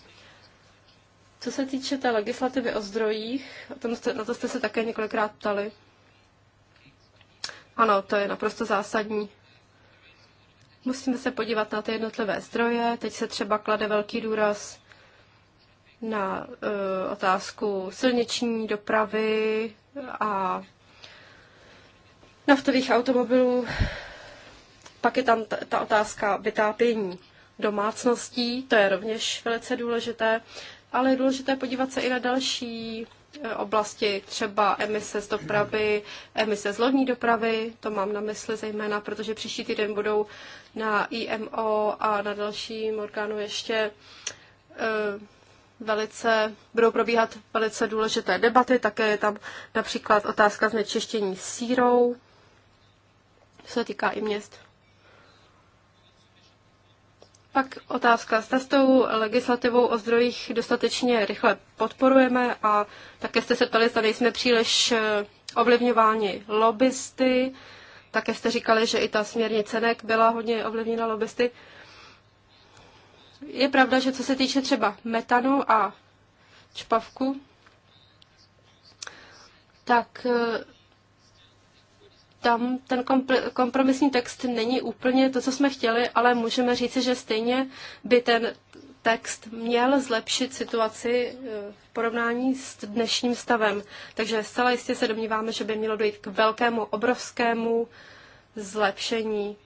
Co se týče té legislativy o zdrojích, o tom jste, na to jste se také několikrát ptali. Ano, to je naprosto zásadní. Musíme se podívat na ty jednotlivé zdroje. Teď se třeba klade velký důraz na uh, otázku silniční dopravy a naftových automobilů. Pak je tam ta otázka vytápění domácností, to je rovněž velice důležité, ale je důležité podívat se i na další e, oblasti, třeba emise z dopravy, emise z lodní dopravy, to mám na mysli zejména, protože příští týden budou na IMO a na dalším orgánu ještě e, velice, budou probíhat velice důležité debaty, také je tam například otázka znečištění sírou, se týká i měst. Pak otázka, Jste s tou legislativou o zdrojích dostatečně rychle podporujeme a také jste se ptali, zda jsme příliš eh, ovlivňováni lobbysty. Také jste říkali, že i ta směrnice NEC byla hodně ovlivněna lobbysty. Je pravda, že co se týče třeba metanu a čpavku, tak eh, tam ten kompromisní text není úplně to, co jsme chtěli, ale můžeme říci, že stejně by ten text měl zlepšit situaci eh, v porovnání s dnešním stavem. Takže zcela jistě se domníváme, že by mělo dojít k velkému, obrovskému zlepšení.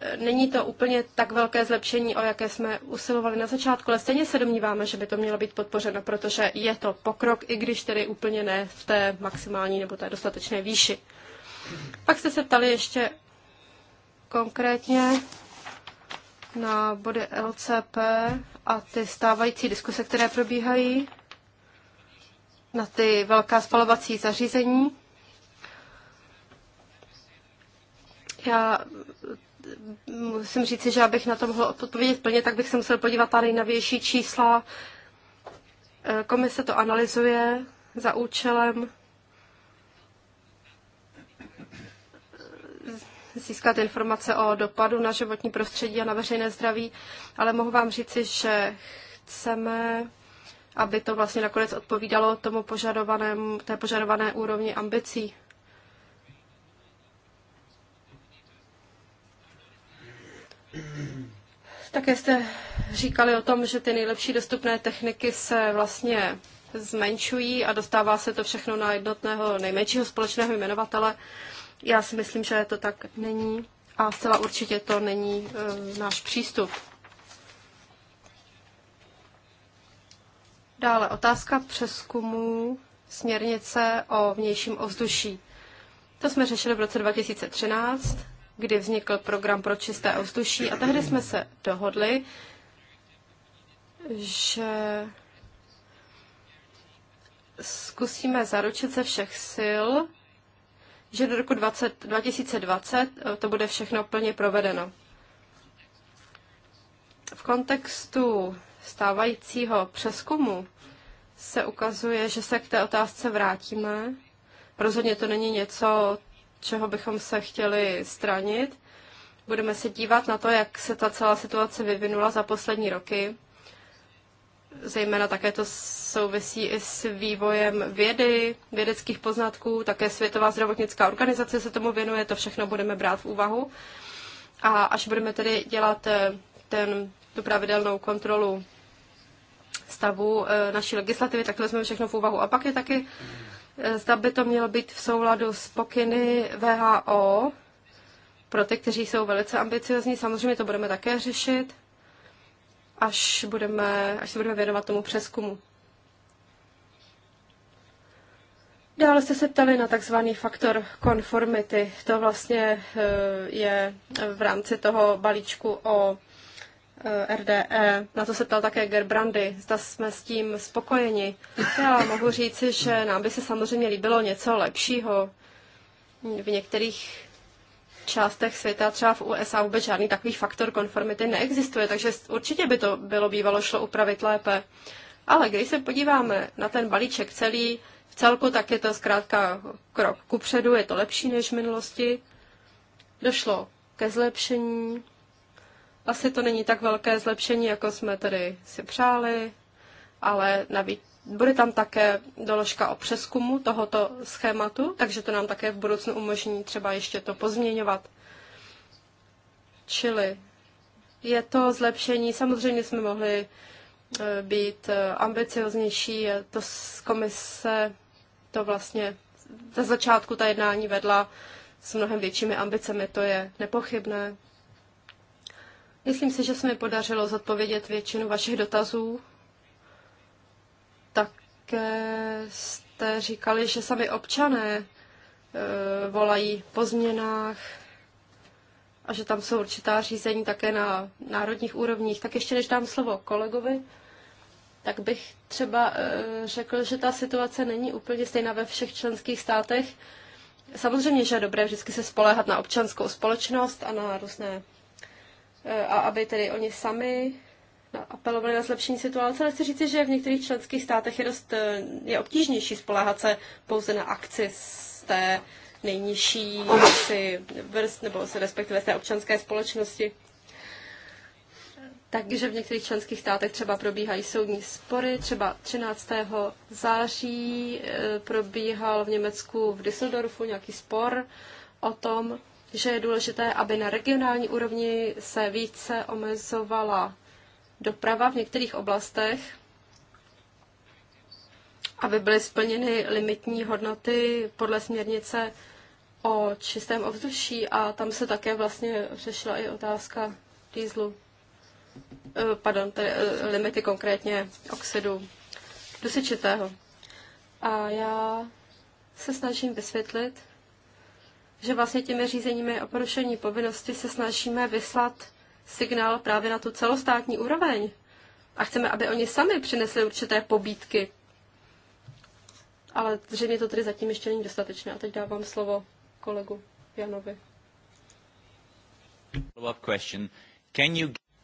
Eh, není to úplně tak velké zlepšení, o jaké jsme usilovali na začátku, ale stejně se domníváme, že by to mělo být podpořeno, protože je to pokrok, i když tedy úplně ne v té maximální nebo té dostatečné výši. Pak jste se ptali ještě konkrétně na body LCP a ty stávající diskuse, které probíhají, na ty velká spalovací zařízení. Já musím říci, že abych na to mohl odpovědět plně, tak bych se musel podívat na nejnovější čísla. Komise to analyzuje za účelem získat informace o dopadu na životní prostředí a na veřejné zdraví, ale mohu vám říci, že chceme, aby to vlastně nakonec odpovídalo tomu požadovanému, té požadované úrovni ambicí. Také jste říkali o tom, že ty nejlepší dostupné techniky se vlastně zmenšují a dostává se to všechno na jednotného nejmenšího společného jmenovatele. Já si myslím, že to tak není a zcela určitě to není e, náš přístup. Dále otázka přeskumu směrnice o vnějším ovzduší. To jsme řešili v roce 2013, kdy vznikl program pro čisté ovzduší a tehdy jsme se dohodli, že zkusíme zaručit ze všech sil, že do roku 20, 2020 eh, to bude všechno plně provedeno. V kontextu stávajícího přeskumu se ukazuje, že se k té otázce vrátíme. Rozhodně to není něco, čeho bychom se chtěli stranit. Budeme se dívat na to, jak se ta celá situace vyvinula za poslední roky Zejména také to souvisí i s vývojem vědy, vědeckých poznatků, také Světová zdravotnická organizace se tomu věnuje, to všechno budeme brát v úvahu. A až budeme tedy dělat eh, ten, tu pravidelnou kontrolu stavu eh, naší legislativy, tak to vezmeme všechno v úvahu. A pak je taky, eh, zda by to mělo být v souladu s pokyny VHO, pro ty, kteří jsou velice ambiciozní, samozřejmě to budeme také řešit až, budeme, až se budeme věnovat tomu přeskumu. Dále jste se ptali na takzvaný faktor konformity. To vlastně eh, je v rámci toho balíčku o eh, RDE. Na to se ptal také Gerbrandy. Zda jsme s tím spokojeni. Já mohu říci, že nám by se samozřejmě líbilo něco lepšího. V některých částech světa, třeba v USA, vůbec žádný takový faktor konformity neexistuje, takže určitě by to bylo bývalo šlo upravit lépe. Ale když se podíváme na ten balíček celý, v celku, tak je to zkrátka krok kupředu, je to lepší než v minulosti. Došlo ke zlepšení. Asi to není tak velké zlepšení, jako jsme tedy si přáli, ale navíc bude tam také doložka o přeskumu tohoto schématu, takže to nám také v budoucnu umožní třeba ještě to pozměňovat. Čili je to zlepšení. Samozřejmě jsme mohli e, být e, ambicioznější. To z komise to vlastně za začátku ta jednání vedla s mnohem většími ambicemi, to je nepochybné. Myslím si, že se mi podařilo zodpovědět většinu vašich dotazů. Také jste říkali, že sami občané e, volají po změnách a že tam jsou určitá řízení také na národních úrovních. Tak ještě než dám slovo kolegovi, tak bych třeba e, řekl, že ta situace není úplně stejná ve všech členských státech. Samozřejmě, že je dobré vždycky se spoléhat na občanskou společnost a na různé, e, a aby tedy oni sami apelovali na zlepšení situace, ale chci říci, že v některých členských státech je dost eh, je obtížnější spoléhat se pouze na akci z té nejnižší si vrst, nebo se respektive z té občanské společnosti. Takže v některých členských státech třeba probíhají soudní spory. Třeba 13. září eh, probíhal v Německu v Düsseldorfu nějaký spor o tom, že je důležité, aby na regionální úrovni se více omezovala doprava v některých oblastech, aby byly splněny limitní hodnoty podle směrnice o čistém ovzduší a tam se také vlastně řešila i otázka dýzlu, eh, pardon, tedy eh, limity konkrétně oxidu dusičitého. A já se snažím vysvětlit, že vlastně těmi řízeními o porušení povinnosti se snažíme vyslat signál právě na tu celostátní úroveň a chceme, aby oni sami přinesli určité pobídky. Ale zřejmě to tedy zatím ještě není dostatečné. A teď dávám slovo kolegu Janovi.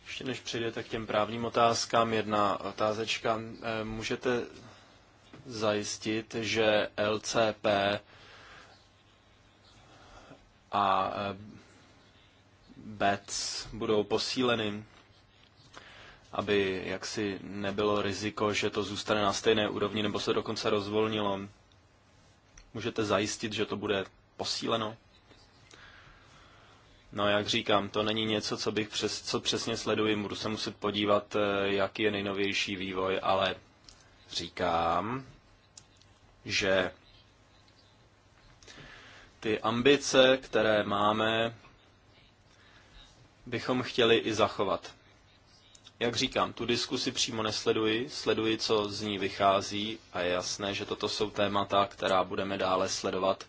Ještě než přijdete k těm právním otázkám, jedna otázečka. Eh, můžete zajistit, že LCP a eh, Bets budou posíleny, aby jaksi nebylo riziko, že to zůstane na stejné úrovni nebo se dokonce rozvolnilo. Můžete zajistit, že to bude posíleno? No, jak říkám, to není něco, co bych přes, co přesně sleduji. Budu se muset podívat, eh, jaký je nejnovější vývoj, ale říkám, že ty ambice, které máme, bychom chtěli i zachovat. Jak říkám, tu diskusi přímo nesleduji, sleduji, co z ní vychází a je jasné, že toto jsou témata, která budeme dále sledovat.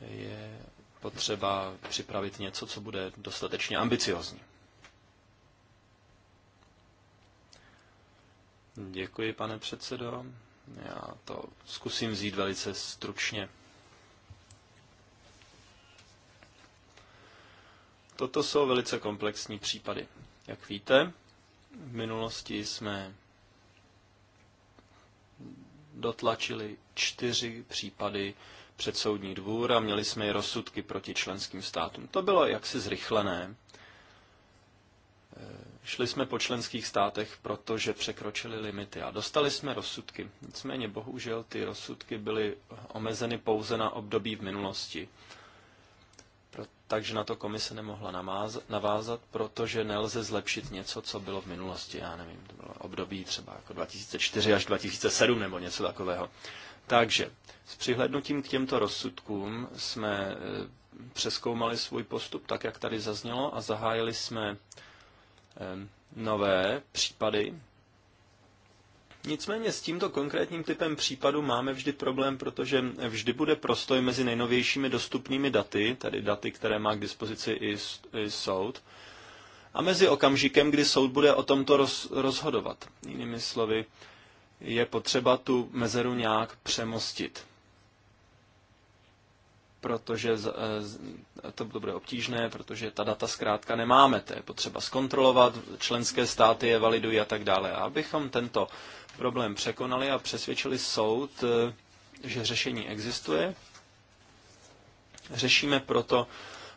Je potřeba připravit něco, co bude dostatečně ambiciozní. Děkuji, pane předsedo. Já to zkusím vzít velice stručně. Toto jsou velice komplexní případy. Jak víte, v minulosti jsme dotlačili čtyři případy před soudní dvůr a měli jsme i rozsudky proti členským státům. To bylo jaksi zrychlené. Eh, šli jsme po členských státech, protože překročili limity a dostali jsme rozsudky. Nicméně bohužel ty rozsudky byly omezeny pouze na období v minulosti takže na to komise nemohla navázat, protože nelze zlepšit něco, co bylo v minulosti, já nevím, to bylo období třeba jako 2004 až 2007 nebo něco takového. Takže s přihlednutím k těmto rozsudkům jsme e, přeskoumali svůj postup, tak jak tady zaznělo, a zahájili jsme e, nové případy Nicméně s tímto konkrétním typem případu máme vždy problém, protože vždy bude prostoj mezi nejnovějšími dostupnými daty, tedy daty, které má k dispozici i, i soud, a mezi okamžikem, kdy soud bude o tomto roz, rozhodovat. Jinými slovy, je potřeba tu mezeru nějak přemostit protože eh, to bude obtížné, protože ta data zkrátka nemáme, to je potřeba zkontrolovat, členské státy je validují a tak dále. A abychom tento problém překonali a přesvědčili soud, eh, že řešení existuje, řešíme proto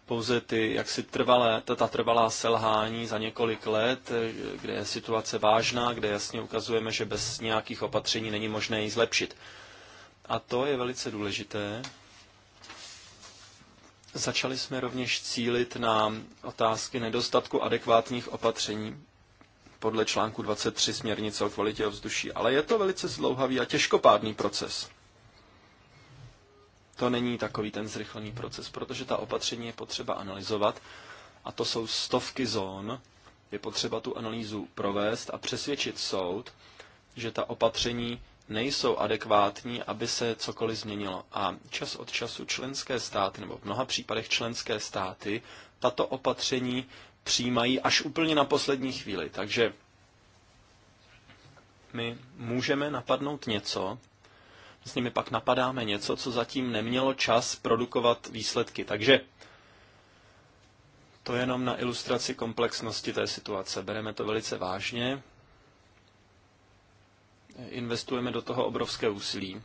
pouze ty si trvalé, ta trvalá selhání za několik let, eh, kde je situace vážná, kde jasně ukazujeme, že bez nějakých opatření není možné ji zlepšit. A to je velice důležité, Začali jsme rovněž cílit na otázky nedostatku adekvátních opatření podle článku 23 směrnice o kvalitě ovzduší, ale je to velice zdlouhavý a těžkopádný proces. To není takový ten zrychlený proces, protože ta opatření je potřeba analyzovat a to jsou stovky zón, je potřeba tu analýzu provést a přesvědčit soud, že ta opatření nejsou adekvátní, aby se cokoliv změnilo. A čas od času členské státy, nebo v mnoha případech členské státy, tato opatření přijímají až úplně na poslední chvíli. Takže my můžeme napadnout něco, s nimi pak napadáme něco, co zatím nemělo čas produkovat výsledky. Takže to jenom na ilustraci komplexnosti té situace. Bereme to velice vážně investujeme do toho obrovské úsilí.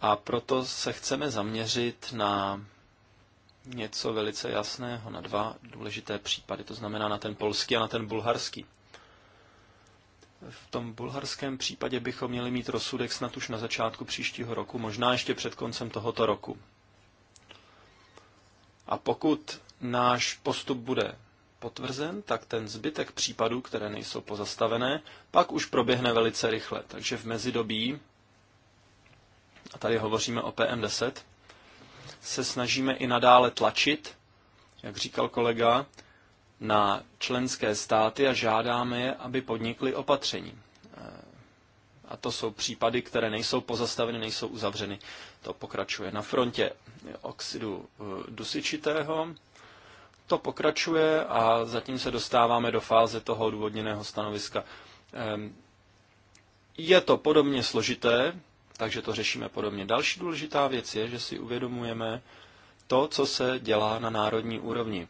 A proto se chceme zaměřit na něco velice jasného, na dva důležité případy, to znamená na ten polský a na ten bulharský. V tom bulharském případě bychom měli mít rozsudek snad už na začátku příštího roku, možná ještě před koncem tohoto roku. A pokud náš postup bude potvrzen, tak ten zbytek případů, které nejsou pozastavené, pak už proběhne velice rychle. Takže v mezidobí, a tady hovoříme o PM10, se snažíme i nadále tlačit, jak říkal kolega, na členské státy a žádáme je, aby podnikly opatření. A to jsou případy, které nejsou pozastaveny, nejsou uzavřeny. To pokračuje na frontě oxidu eh, dusičitého, to pokračuje a zatím se dostáváme do fáze toho odůvodněného stanoviska. Ehm, je to podobně složité, takže to řešíme podobně. Další důležitá věc je, že si uvědomujeme to, co se dělá na národní úrovni.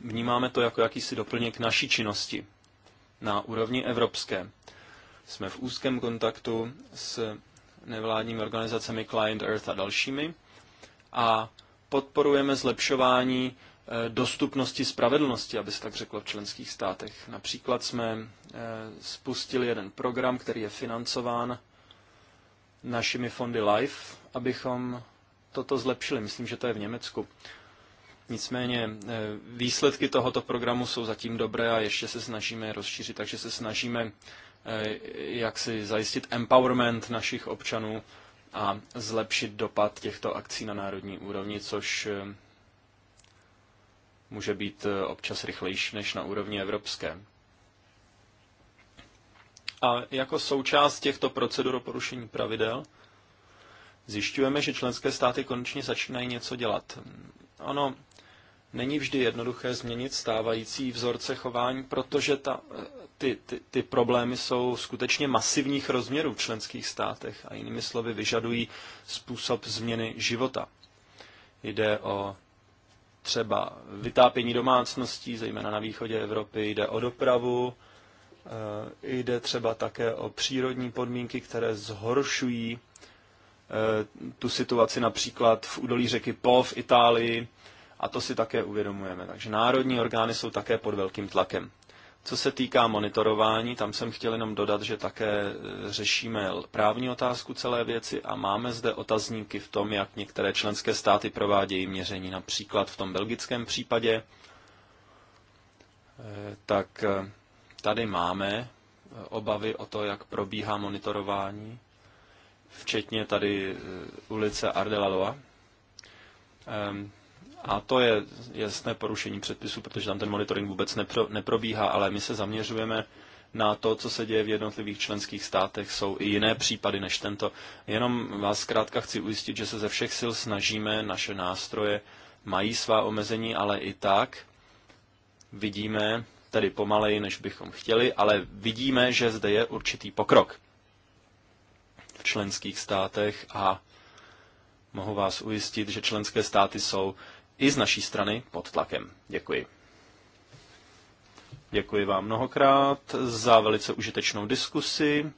Vnímáme to jako jakýsi doplněk naší činnosti na úrovni evropské. Jsme v úzkém kontaktu s nevládními organizacemi Client Earth a dalšími a podporujeme zlepšování eh, dostupnosti spravedlnosti, aby se tak řeklo v členských státech. Například jsme eh, spustili jeden program, který je financován našimi fondy LIFE, abychom toto zlepšili. Myslím, že to je v Německu. Nicméně eh, výsledky tohoto programu jsou zatím dobré a ještě se snažíme rozšířit, takže se snažíme jak si zajistit empowerment našich občanů a zlepšit dopad těchto akcí na národní úrovni, což eh, může být eh, občas rychlejší než na úrovni evropské. A jako součást těchto procedur o porušení pravidel zjišťujeme, že členské státy konečně začínají něco dělat. Ono není vždy jednoduché změnit stávající vzorce chování, protože ta, ty, ty, ty problémy jsou skutečně masivních rozměrů v členských státech a jinými slovy vyžadují způsob změny života. Jde o třeba vytápění domácností, zejména na východě Evropy, jde o dopravu, eh, jde třeba také o přírodní podmínky, které zhoršují eh, tu situaci například v údolí řeky Po v Itálii, a to si také uvědomujeme. Takže národní orgány jsou také pod velkým tlakem. Co se týká monitorování, tam jsem chtěl jenom dodat, že také e, řešíme právní otázku celé věci a máme zde otazníky v tom, jak některé členské státy provádějí měření. Například v tom belgickém případě, e, tak e, tady máme obavy o to, jak probíhá monitorování, včetně tady ulice Ardelaloa. Ehm, a to je jasné porušení předpisů, protože tam ten monitoring vůbec nepro, neprobíhá, ale my se zaměřujeme na to, co se děje v jednotlivých členských státech. Jsou i jiné případy než tento. Jenom vás zkrátka chci ujistit, že se ze všech sil snažíme, naše nástroje mají svá omezení, ale i tak vidíme, tedy pomaleji, než bychom chtěli, ale vidíme, že zde je určitý pokrok v členských státech a mohu vás ujistit, že členské státy jsou i z naší strany pod tlakem. Děkuji. Děkuji vám mnohokrát za velice užitečnou diskusi.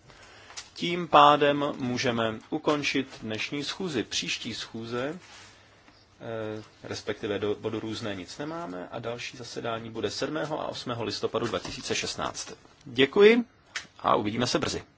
Tím pádem můžeme ukončit dnešní schůzi. Příští schůze, eh, respektive do bodu různé nic nemáme a další zasedání bude 7. a 8. listopadu 2016. Děkuji a uvidíme se brzy.